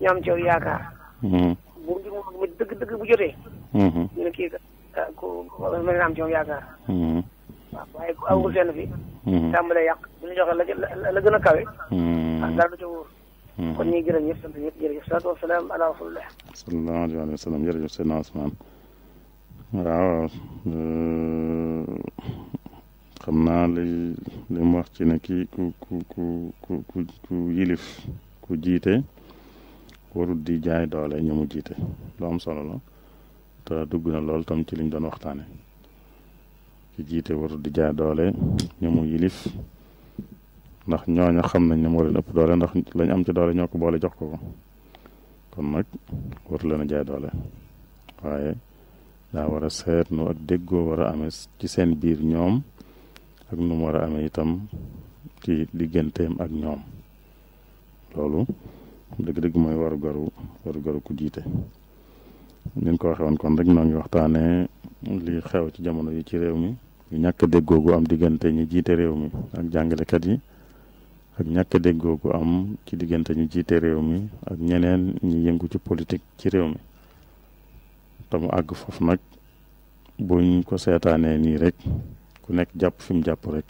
ñu am ci yow yaakaar. bu njëg moom dëgg dëgg bu jotee. ñu ne kii ah ku mën naa am ci moom yaakaar. waaw waaye ku awul fenn fi. tàmbalee yàq bu ñu joxe la la gën a kawe. ah dara du ca wóor. kon ñuy gërëm ñëpp sant ñëpp jërëjëf salaatu wa salaam ala rasulillah. sallallahu alayhi wa sallam jërëjëf seen Ousmane waaw xam naa li li mu wax ci ne kii ku ku ku ku ku yilif ku jiite. warul di jaay doole ñu mu jiite lu am solo la te dugg na lool tam ci liñ doon waxtaane ci jiite warut di jaay doole ñu mu yilif ndax ñooña xam nañ ne moo leen ëpp doole ndax lañ am ci doole ñoo ko boole jox ko ko kon nag waru leen a jaay doole waaye daa war a nu ak déggoo war a amee ci seen biir ñoom ak nu mu war a itam ci digganteem ak ñoom loolu dëgg-dëgg mooy waru garu waru ku jiite niñ ko waxee kon rek noo ngi waxtaanee li xew ci jamono yi ci réew mi ñàkk déggoo gu am diggante ñi jiite réew mi ak jàngalekat yi ak ñàkk déggoo gu am ci diggante ñu jiite réew mi ak ñeneen ñi yëngu ci politique ci réew mi te mu àgg foofu nag buñ ko seetaanee nii rek ku nekk jàpp fi mu jàpp rek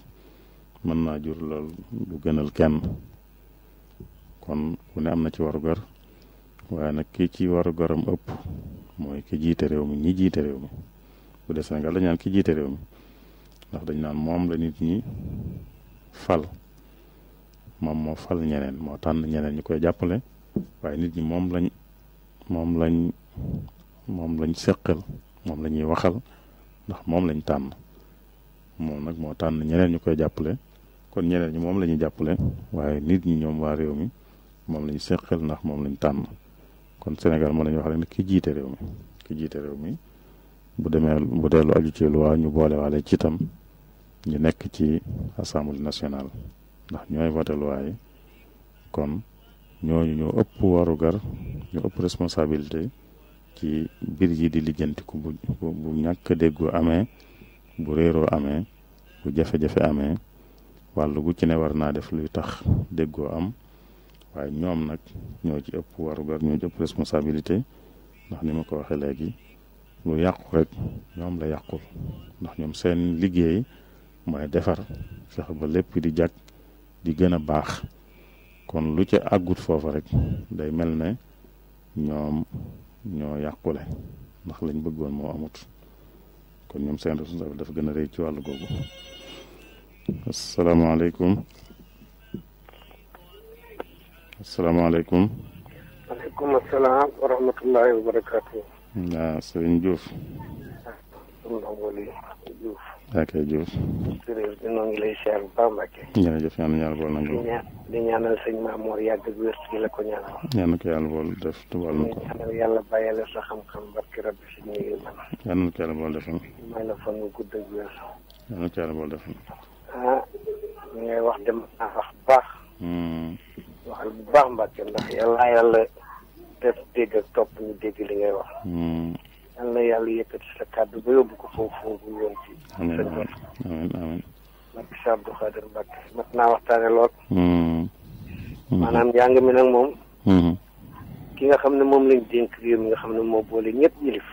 mën naa jur lool du gënal kenn kon ku ne am na ci warugar waaye nag ki ci warugaram ëpp mooy ki jiite réew mi ñi jiite réew mi bu dee Sénégal dañ naan ki jiite réew mi ndax dañ naan moom la nit ñi fal moom moo fal ñeneen moo tànn ñeneen ñu koy jàppale waaye nit ñi moom lañ moom lañ moom lañ seqal moom la ñuy waxal ndax moom lañ tànn moom nag moo tànn ñeneen ñu koy jàppale kon ñeneen ñi moom la ñuy jàppale waaye nit ñi ñoom waa réew mi moom lañ seqal ndax moom lañ tànn kon Sénégal mën nañu wax rek ne ki réew mi ki jiite réew mi bu demee bu dellu aju ci loi ñu boole waale ci itam ñu nekk ci assemblée nationale ndax ñooy voté loi yi kon ñooñu ñoo ëpp warugar ñu ëpp responsabilité ci biir yi di lijjantiku bu bu ñàkk déggoo amee bu réeroo amee bu jafe-jafe amee wàllu gu ci ne war naa def luy tax déggoo am waaye ñoom nag ñoo ci ëpp warugar ñoo ci ëpp responsabilité ndax ni ma ko waxee léegi lu yàqu rek ñoom la yàqul ndax ñoom seen liggéey mooy defar fexe ba lépp di jag di gën a baax kon lu ci àggut foofa rek day mel ne ñoom ñoo yàqule ndax lañ bëggoon moo amut kon ñoom seen responsabilité dafa gën a rëy ci wàllu googu asalaamaaleykum asalaamaaleykum. maaleykum salaam wa rahmatullahi wa barakaatu. waaw sëriñ Diouf. ok Diouf. jërëjëf ñoo ngi lay siyaar bu baax Mbacke. jërëjëf yal na yàlla bool nangu. di ñaanal sëñ Mamour yàgg ak wér ci la ko ñaanal. ñaan na ko yàlla bool def tubal na ko. ñaanal yàlla bàyyi la sa xam-xam barki rabbi si ñu man. ñaan na ko yàlla bool defal. may la fan nga gudd ak wér. ñaan na ko yàlla bool defal. ah ñu ngay wax dem naa wax baax. Hmm. waxal bu baax Mbàkke ndax yàlla yàlla def dégg ak topp ñu dégg li ngay wax. Hmm. yal na yàlla yëkkati sa kàddu ba yóbbu ko foofu foofu yoon ci. amiin amiin amiin. Mbàkke si Abdou Khadir Mbàkke mat naa waxtaane lool. Hmm. Hmm. maanaam njàng mi nag moom. ki nga xam ne moom lañ dénk réew mi nga xam ne moo boole ñëpp yilif.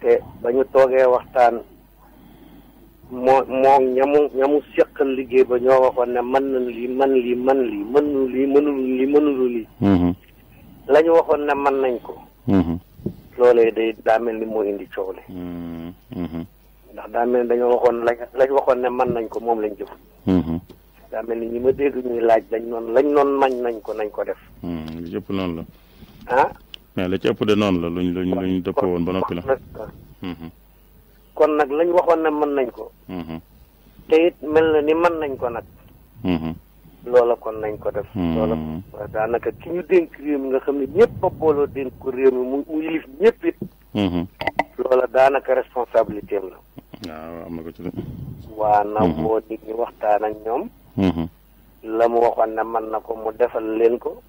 te ba ñu toogee waxtaan. moo moo ñamu ñamu seqal liggéey ba ñoo waxoon ne mën nañ lii mën lii mën lii mënul lii mënul lii mënulu lii mm-hmm. la ñu waxoon ne mën nañ ko mm-hmm. loolee day daa mel ni moo indi coow li mm-hmm. ndax daa mel ni dañoo waxoon lañ lañ waxoon ne mën nañ ko moom lañ jëf daa mel ni ñi ma dégg ñuy laaj dañ noonu lañ noon mañ nañ ko nañ ko def lu ci ëpp noonu la ah mais la ci ëpp de noonu la luñ luñ luñ dëppoo woon ba noppi la kon nag lañ waxoon ne mën nañ ko mhm. te it mel na ni mën nañ ko nag mhm. loola kon nañ ko def mhm. loola daanaka ki ñu dénk réew mi nga xam ne ñëpp ba booloo dénk ko réew mi mu mu yilif ñëpp it loola daanaka responsabilité la waaw am na ko ci waa na boo nit ñi waxtaan ak ñoom la mu waxoon ne mën na ko mu defal leen ko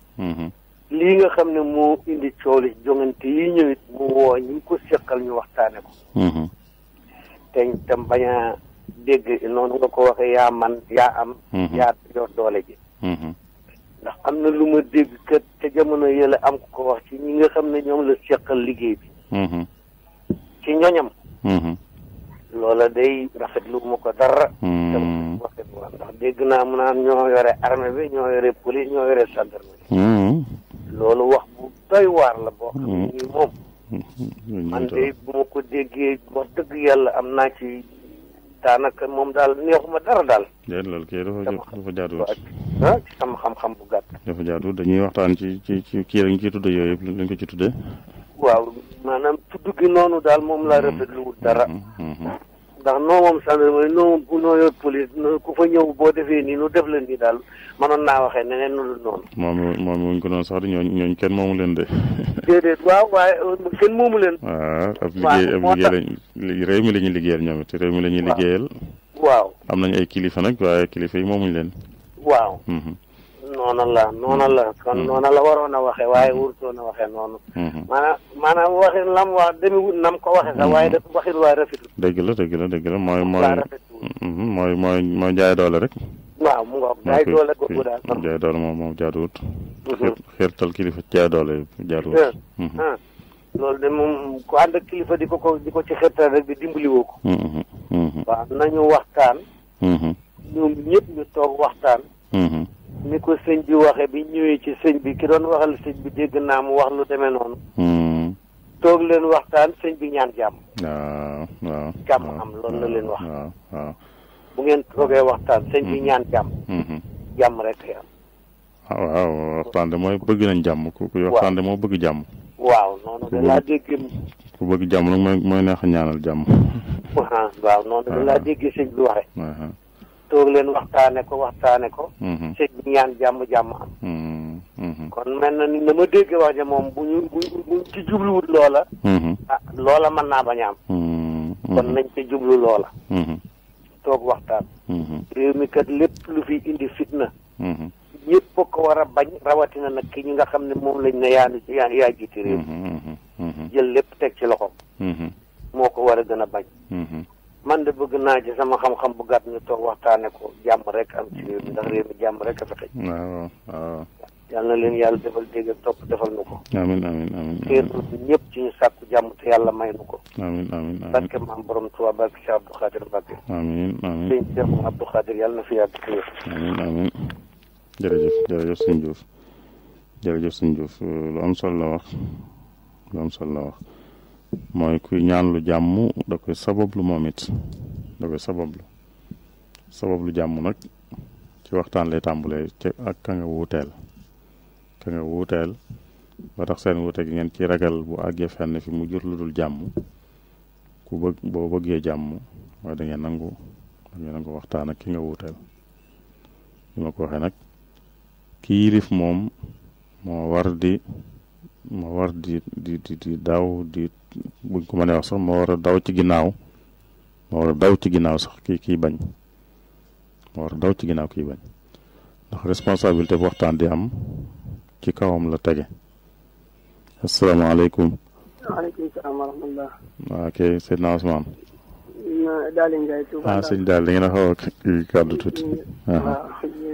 lii nga xam ne mu indi coow jongante yi ñëwit mu woo ñu ko seqal ñu waxtaane ko te itam bañ a dégg noonu nga ko waxee yaa man yaa am. Mhm. yaa yor doole ji. Mhm. ndax am na lu ma dégg kat te jamono yële am ko wax ci ñi nga xam ne ñoom la seqal liggéey bi. Mhm. ci ñoñam. loola day rafet ma ko dara. ndax dégg naa mu naan ñoo yore armée bi ñoo yore police ñoo yore gendarmerie. loolu wax bu doy la boo xam ne moom. man de ko déggee wax dëgg yàlla am naa ci daanaka moom daal neexuma dara daal. déedéet loolu kay dafa dafa jaaduwul. ah ci sama xam-xam bu gàtt. dafa jaaduwul dañuy waxtaan ci ci ci kii lañ ciy tudde yooyu yëpp lañ ko ci tudde waaw maanaam tudd gi noonu daal moom laa hmm. rafetlu wul dara. Hmm, hmm, ndax noo moom gendarmerie noo noo police ku fa ñëw boo defee nii nu def leen nii daal manoon naa waxee neneen nu dul noonu. moom moom mu ñu ko doon sax di ñooñ ñooñ kenn moomu leen de. déedéet waaw waaye kenn moomu leen. <laughs> waaw ab liggéey ab liggéey lañ réew mi la ñuy liggéeyal ñoom it réew mi la ñuy liggéeyal. waaw am nañ ay kilifa nag waaye kilifa yi moomuñ leen. waaw. Mhm. noonu la noonu la mm-hmm. kon noonu la a waxe waaye wurtoon a waxe noonu maanaam mm-hmm. maanaam waxin lam wax demiwut nam ko waxe sax waaye def mm-hmm. waxin waaye rafetul dëgg la dëgg la dëgg la mooy mooy mooy mooy mooy jaay doole rek waaw mu ngoog jaay doole googu daal jaay doole moom moom jaaduwut xirtal kilifa jaay doole jaaduwut ah. Ah. loolu de moom ku ànd kilifa di ko ko di ko ci xirtal rek di dimbaliwoo ko waaw nañu waxtaan ñoom ñëpp ñu toog waxtaan ni ko sëñ bi waxe bi ñëwee ci sëñ bi ki doon waxal sëñ bi dégg naa mu wax lu demee noonu hmm. toog leen waxtaan sëñ bi ñaan jàmm waaw ah, ah, waaw ah, la leen wax bu ngeen toogee waxtaan sëñ bi hmm. ñaan jàmm hmm. jàmm mooy bëgg nañ jàmm ku ku waxtaan de moo bëgg jàmm waaw noonu da laa dégg ku bëgg jàmm nag mooy mooy neex ñaanal jàmm <laughs> waaw noonu da laa dégg sëñ bi waxe toog leen waxtaane ko waxtaane ko sëñ mhm. bi ñaan jàmm-jàmm am mhm, mhm. kon mel na ni na ma dégg wax ja moom bu ñu buñ ci jubluwut loola ah loola mën naa bañ a kon nañ ci jublu loola toog waxtaan réew mi kat lépp lu fi indi fitna ñëpp ko war a bañ rawatina nag ki ñi nga xam ne moom lañ ne yaanu ci yaa jiite réew jël lépp teg ci loxo moo ko war a gën a bañ man de bëgg naa ci sama xam-xam bu gàtt ñu toog waxtaane ko jàmm rek am ci réew mi ndax rek a fi xëj. waaw waaw. yal na leen yàlla defal dégg topp defal nu ko. amiin ci ñu sàkku jàmm te yàlla may nu ko. amiin amiin amiin barke maam borom Tuubaa barke si Abdou Khadir Mbacke. amiin amiin sëñ Cheikh moom Abdou Khadir yàlla na fi yàgg xëy. amiin amiin la wax lu am la wax. mooy kuy ñaan lu jàmm da koy sabablu moom it da koy sabab lu jàmm nag ci waxtaan lay tàmbalee ci ak ka nga wuuteel ka nga wuuteel ba tax seen gi ngeen ci ragal bu àggee fenn fi mu jur lu dul jàmm ku bëgg bo bëggee jàmm mooy da ngeen nangu da ngeen nangu waxtaan ak ki nga wuuteel li ma ko waxee nag ki yilif moom war di war di di di di di buñ ko mënee wax sax moo war a daw ci ginnaaw moo war a daw ci ginnaaw sax ki kii bañ moo war daw ci ginnaaw kii bañ ndax responsabilité bu waxtaan di am ci kawam la tege asalaamaaleykum. waaleykum salaam wa rahmatulah. waaw kay Seydina Ousmane. Daali ah, sëñ Daal da ngeen a xaw a kii kàddu tuuti. waaw ñu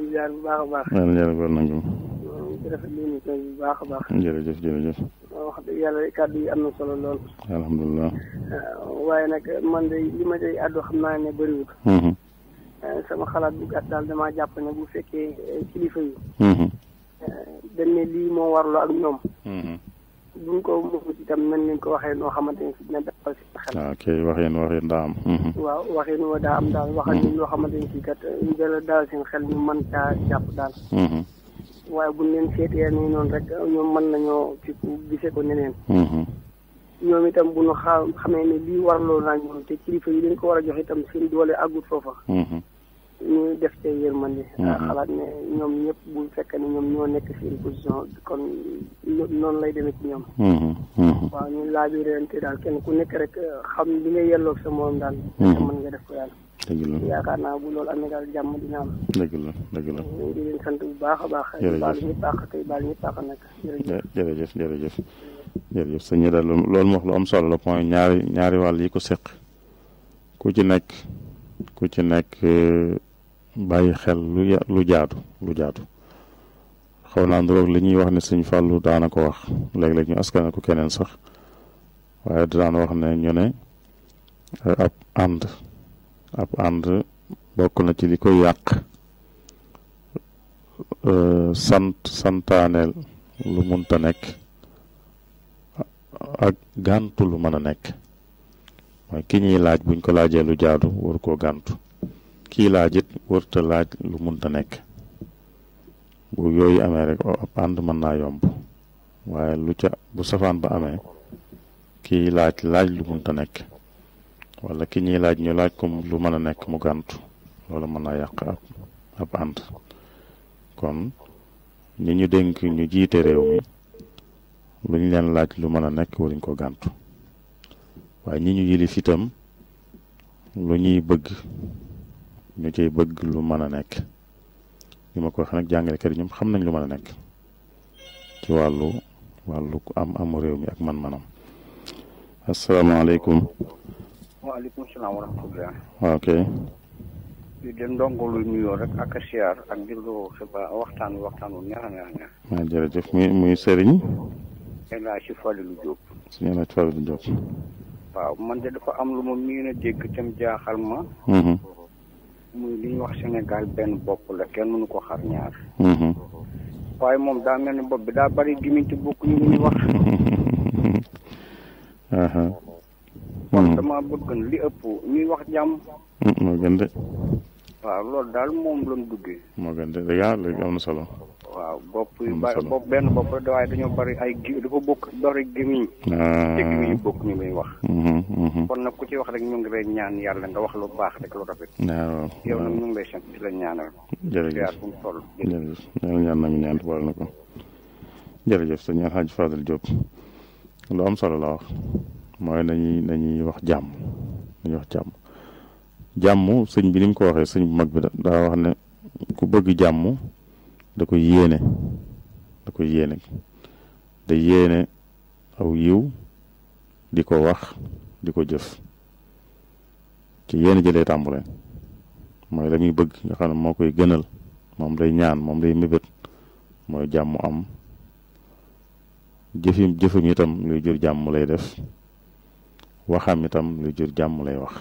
ngi leen di ziar bu rafetlu ñu tey bu baax a baax. jërëjëf jërëjëf. wax dëgg yàlla kàddu yi am na solo lool. alhamdulilah. waaye nag man de li ma day àddu xam naa ne bëriwul. Mm-hmm. Eh, sama xalaat bu gàtt daal damaa jàpp ne bu fekkee eh, kilifa yi. Mm-hmm. Eh, dañ ne lii moo warlu ak ñoom. Mm-hmm. buñ ko mos itam nañ ko waxee noo xamante ne si dina defal si xel. Ah, waaw kay waxin waxin daa am. waaw waxin wa daa am daal waxal ñu xamante ne si kat ñu dalal seen xel ñu mën caa jàpp daal. waaye bu leen seetee nii noonu rek ñoom man nañoo ci gisee ko neneen. Mm-hmm. ñoom itam bu ñu xa xamee ne lii warloo naa ñoom te kilifa yi dañ ko war a jox itam seen doole àggut foofa. Mm-hmm. ñu def te yërmande. Mm-hmm. xalaat ne ñoom ñëpp bu fekk ni ñoom ñoo nekk seen position kon noonu lay demee ci ñoom. waaw ñu laaj yu daal kenn ku nekk rek xam li nga yelloog sa morom daal. mën nga def ko yàlla. dëgg la yaakaar naa bu loolu amee daal jàmm dina am. dëgg baax a baax. jërëjëf baal ñu baax tey baal ñu baax nag. mu wax lu am solo la point ñaari ñaari wàll yi ko seq ku ci nekk ku ci nekk euh, bàyyi xel lu lu jaadu lu jaadu xaw naa nduroog li ñuy wax ne sëñ Fallou daana ko wax léeg-léeg ñu askan ko keneen sax waaye daan wax ne ñu ne euh, ab ànd. ab ànd bokk na ci li koy yàq euh, sant santaaneel lu munta nekk ak gàntu lu mën a nekk mooy ki ñuy laaj buñ ko laajee lu jaadu war ko gàntu kii laajit warta laaj lu munta nekk bu yooyu amee rek ab ànd mën naa yomb waaye lu ca bu safaan ba amee kii laaj laaj lu munta nekk wala ki ñi laaj ñu laaj ko lu mën a nekk mu gàntu loolu mën naa yàq ab ab ànd kon ñi ñu dénk ñu jiite réew mi lu ñu leen laaj lu mën a nekk waruñ ko gàntu waaye ñi ñu yilif itam lu ñuy bëgg ñu cay bëgg lu mën a nekk li ma ko waxee nag jàngalekat yi xam nañ lu mën a nekk ci wàllu wàllu am amu réew mi ak man-manam asalaamaaleykum waaleykum salaam wa rahmatulah. ok. di dem ndongo lu nuyoo rek ak siyaar ak déglu xibaar waxtaan waxtaan wu neex a neex a neex. waaw ah, jërëjëf muy muy Serigne. El Hadj Falilou Diop. El Hadj Falilou Diop. waaw man de dafa am lu ma miin a dégg itam jaaxal ma. Mm-hmm. muy li ñuy wax Sénégal benn bopp la kenn mënu ko xar ñaar. Mm-hmm. waaye moom daa mel ni bopp bi daa bari giminte bokk ñu muy wax. <laughs> Uh-huh. kon hmm. dama bëgg li ëpp ñuy wax jàmm. Hmm, moo gën de. waaw loolu daal moom lañ duggee. moo gën de léegi am na solo. waaw bopp yu bari bopp benn bopp waaye dañoo bari ay gi dafa bokk bari gémmiñ. Ah. bokk ñu muy wax. Hmm, kon nag ku ci wax rek ñu ngi lay ñaan yàlla nga wax lu baax rek lu rafet. Ah, waaw yow nag ñu ngi lay sant di la ñaanal. jërëjëf bu mu toll. jërëjëf ñaan nañu ñaan tubaab na ko. jërëjëf sëñ Alhaji Fadel Diop lu am solo la wax. mooy nañuy nañuy wax jàmm nañuy wax jàmm jàmm sëñ bi ni mu ko waxee sëñ bu mag bi daa wax ne ku bëgg jàmm da ko yéene da ko yéene da yéene aw yiw di ko wax di ko jëf ci yéene jëlee tàmbale mooy la bëgg nga xam ne moo koy gënal moom lay ñaan moom lay mébét mooy jàmmu am jëfim jëfam itam luy jur jàmm lay def waxam itam lu jur jàmm lay wax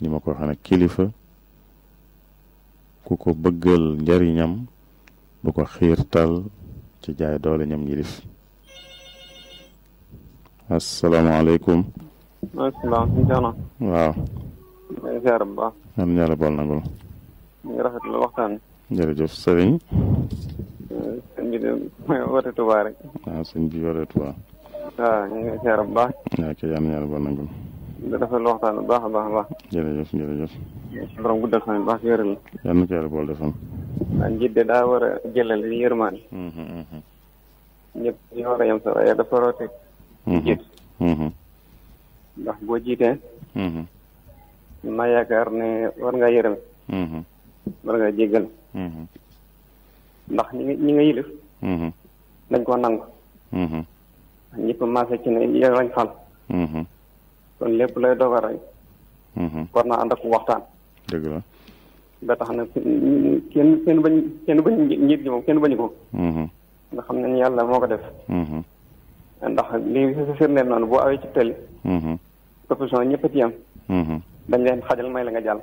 ni ma ko kilifa ku ko bëggal njariñam bu ko xiirtal ci jaay doole ñam yilif asalaamaaleykum waaw am yàlla bool nangul ñu rafet lu waxtaan waaw sëñ bi woote waaw ah, ini ngi siyaar bu baax. waaw kay waxtaan bu baax a baax a baax. jërëjëf jërëjëf. borom guddal fan baax wéral. yàlla na ko yàlla defam. waaw njiit de daa war a jëlal hmm hmm ñëpp ñu war a sa waaye dafa roote. jiit. ndax boo hmm ma yaakaar ne war ngaa war jéggal. ndax ñi ñi nga dañ ñëpp maase ci ne yéen lañ fal. Mhm. kon lépp lay dogal rek. Mhm. war naa ànd waxtaan. dëgg la. tax na kenn kenn bañ kenn bañ njiit gi moom kenn ko. Mhm. nga xam ne yàlla moo ko def. ndax lii su firndeel noonu boo awee ci télé. opposition ñëpp a ci yem. dañ leen xajal may la nga jàll.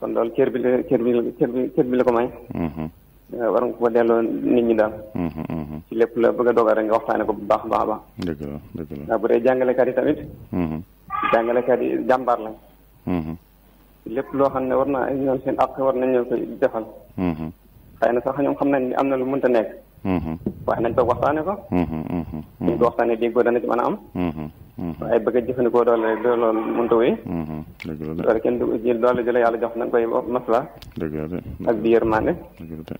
kon loolu cër bi la cër bi la ko may. war nga ko delloo nit ñi daal. Mhm, mhm. ci lépp la bëgg a dogal rek nga waxtaane ko bu baax baax baax. dëgg la dëgg la ndax bu dee yi tamit. Mhm. jàngalekat yi jàmbaar lañ. lépp loo xam ne war naa ñoom war nañu koy xëy na sax ñoom xam nañ ni am na lu mënta nekk. waaye nañ toog waxtaane ko. suñ ko waxtaanee na dana a am. waaye bëgg a jëfandikoo doole rek loolu mënta wéy. dëgg kenn doole jële yàlla jox nañ koy masla. dëgg la de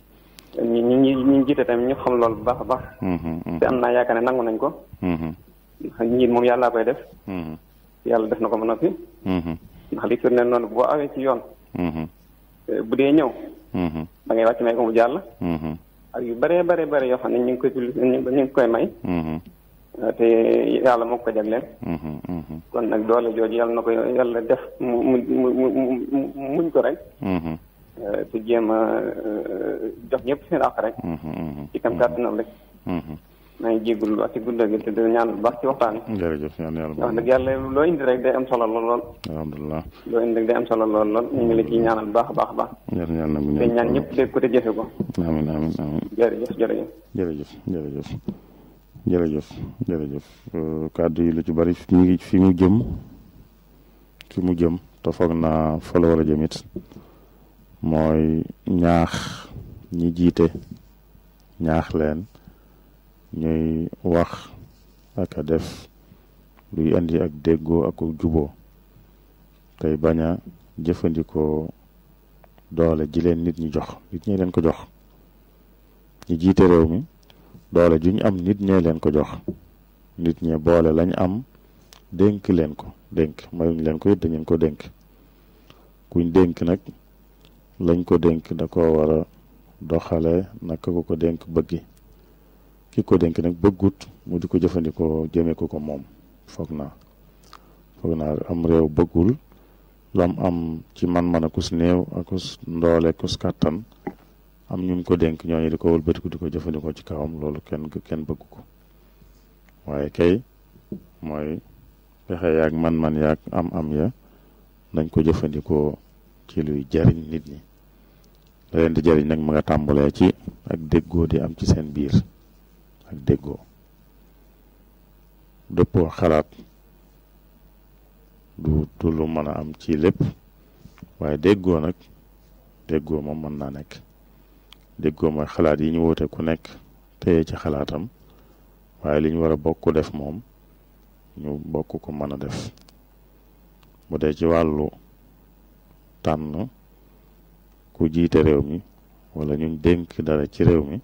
ñi ñi ñi ñu jiite tamit ñu xam loolu bu baax a baax. Mhm, mhm. te am naa yaakaar ne nangu nañ ko. Mhm. njiit moom yàllaa koy def. yàlla def na ko ba noppi. ndax li firndeel noonu boo awee ci yoon. bu dee ñëw. da ngay wàcc may ko mu jàll. ak yu bëree bëree bëri yoo xam ne ñu ngi koy ñu ngi koy may. te yàlla moo ko jagleel. kon nag doole jooju yàlla na ko yàlla def mu mu mu mu muñ ko rek. te jéem a jox ñëpp seen àq rek. Mhm, mhm. ci kam kàttanam rek. Mhm. maa ngi jégalu ak ci gudda gi te di ñaan bu baax ci waxtaan wi. jërëjëf ñaan yàlla wax loo indi rek day am solo lool lool. alhamdulilah loo indi rek day am solo lool lool ñu ngi la ñaanal baax baax a baax. ñaan na te ñaan ñëpp dégg ko te jëfe ko. amiin amiin amiin. jërëjëf jërëjëf. jërëjëf jërëjëf jërëjëf jërëjëf euh, kàddu yi lu ci bari mi ngi fi mu jëm fi mu jëm te foog naa fa war a jëm it mooy ñaax ñi jiite ñaax leen ñuy wax ak def luy andi ak déggoo ak juboo tey bañ a jëfandikoo doole ji leen nit ñi jox nit ñi leen ko jox ñi jiite réew mi doole ju ñu am nit ñee leen ko jox nit ñi boole lañ am dénk leen ko dénk mayuñ leen ko it dañu ko dénk kuñ dénk nag lañ ko dénk da ko war doxale naka ko ko dénk bëggi ki ko dénk nag bëggut mu di ko jëfandikoo jëme ko ko moom foog na foog naa am réew bëggul lam am ci man-man akus néew akus ndoole kus kàttan am ñu ko dénk ñooñu di ko wëlbatiku di ko jëfandikoo ci kawam loolu kenn kenn bëggu ko waaye kay mooy pexe yaag man-man yaag am am ya nañ ko jëfandikoo ci luy jariñ nit ñi la leen di jariñ nag ma nga tàmbalee ci ak déggoo di am ci seen biir ak déggoo dëppoo xalaat du du lu mën a am ci lépp waaye déggoo nag déggoo ma mën naa nekk déggoo ma xalaat yi ñu woote ku nekk téye ci xalaatam waaye liñ ñu war a bokk def moom ñu bokk ko mën a def bu dee ci wàllu tànn ku jiite réew mi wala ñuñ dénk dara ci réew mi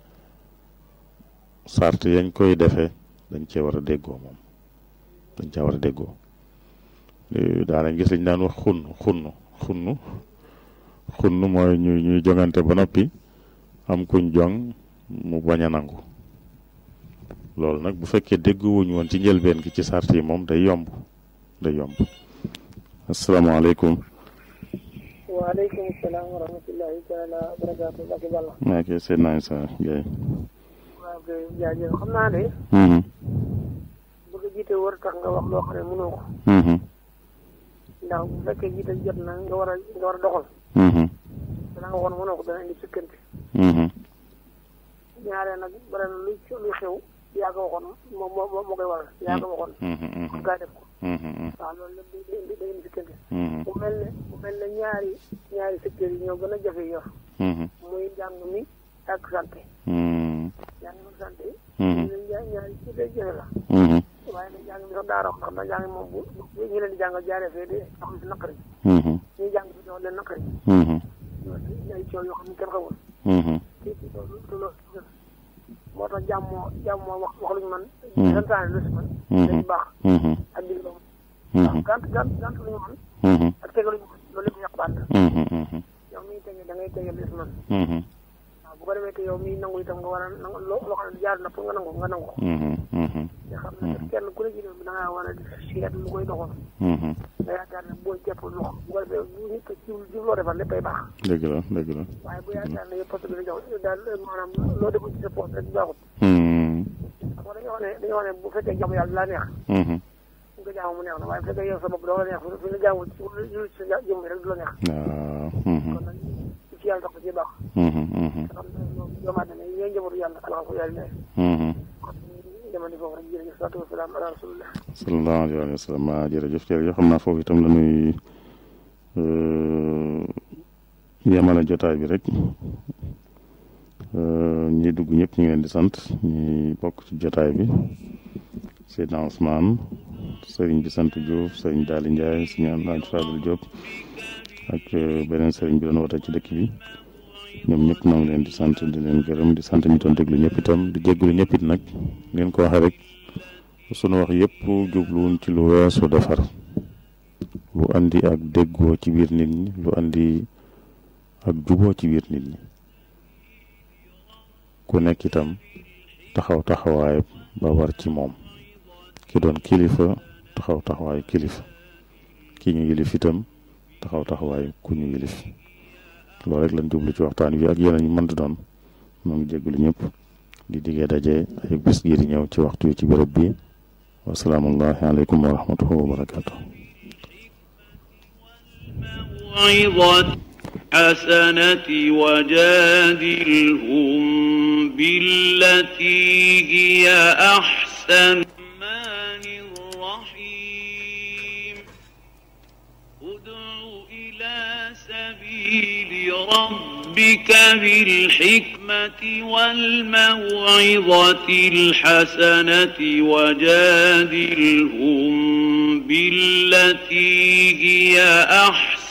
sart yañ koy defe dañ cee war a déggoo moom dañ ca war a déggoo daanañ gis lañ daan wax xunn xunn xunn xunn mooy ñu ñuy jongante ba noppi am kuñ joŋ mu bañ a nangu loolu nag bu fekkee dégguwuñ woon ci njëlbeen gi ci sart yi moom day yomb day yomb asalaamaaleykum waaleykum salaam wa rahmatullahi taala wa barakaatu Mbacke Balla. ok sëñ naa sa Guèye. waaw Guèye jaajëf xam naa ne. Hmm. bëgg jiite war tax nga wax loo xam ne mënoo ko. Hmm. ndax bu fekkee jiite jot na nga war a nga war a doxal. dana hmm. nga waxoon mënoo ko dana indi sukkanti. ñaareel nag bare na luy luy xew. yaa ko waxoon moom moo moo koy waral. Mm. yaa ko waxoon. Mm-hmm, mm-hmm. pour gaa def ko. Mm-hmm, waaw loolu lépp day day day indi si tënk. bu mel ne bu mel ne ñaari ñaari secteurs yi ñoo gën a jafe yor. muy njàng mi ak santé. njàng mi ak santé. ñaari ñaari ci day jafe la. waaye nag njàng mi sax daa raw ndax nag njàng moom bu bu ñu leen di jàngal jaaree fee de am si naqari. ñuy jàng si ñoo leen naqari. ñooñu ay coow yoo xam ne kenn xamul. te te loolu loolu moo tax jàmm moo jàmm moo wax wax hmm. lu ñu mën. santaane li si mën. Hmm. bu ko defee te yow miy nangu itam nga war a nangu loo loo xam ne jaar na pour nga nangu nga nangu ko. Mm-hmm, mm-hmm. nga xam ne mm-hmm. kenn ku ne ci da ngaa war a seet lu koy doxal. nga yaakaar ne boo jàpp lu bu ko defee bu nit ci jiw loo defal léppay baax. dëgg la dëgg la. waaye bu yaakaar ne yow poste bi la jox daal maanaam loo deful ci sa poste rek baaxut. xam nga dañoo wax ne dañoo wax ne bu fekkee jàmm yàlla laa neex. nga jaamu mu neex na waaye bu fekkee yow sa bopp doo la neex fi nga jaamu ci lu ci sa jëmm rek du la neex. Ah, ci yàlla dox ci mm-hmm, mm-hmm. xam mm-hmm. jërëjëf salaatu wa salaam ala naa foofu itam la ñuy euh, yemale jotaay bi rek euh, ñi dugg ñëpp ñu ngi di sant bokk ci jotaay bi Seydina Ousmane sëriñ bi sant Diouf sëriñ Daali Ndiaye sëriñ Amady Fadel Diop. ak benen serigne bi doon woote ci dekk bi ñom ñep ñoo ngi leen di sante di leen gërëm di sante ñu ton deglu ñep itam di jégglu ñep it nak ngeen ko wax rek suñu wax yëpp jubluwuñ ci lu weesu defar lu andi ak déggo ci biir nit ñi lu andi ak juboo ci biir nit ñi ku nekk itam taxaw taxawaay ba war ci moom ki doon kilifa taxaw taxawaay kilifa ki ñu yilif itam taxaw taxawaayu ku ñu yilif loolu rek lañ jublu ci waxtaan wi ak yeneen ñu mënta doon moo ngi jégalu ñëpp di diggee daje ay bis gi di ñëw ci waxtu wi ci béréb bi wasalaamu aleykum wa rahmatullahi wa barakaatu. الحسنة وجادلهم بالتي هي أحسن سبيل ربك بالحكمة والموعظة الحسنة وجادلهم بالتي هي أحسن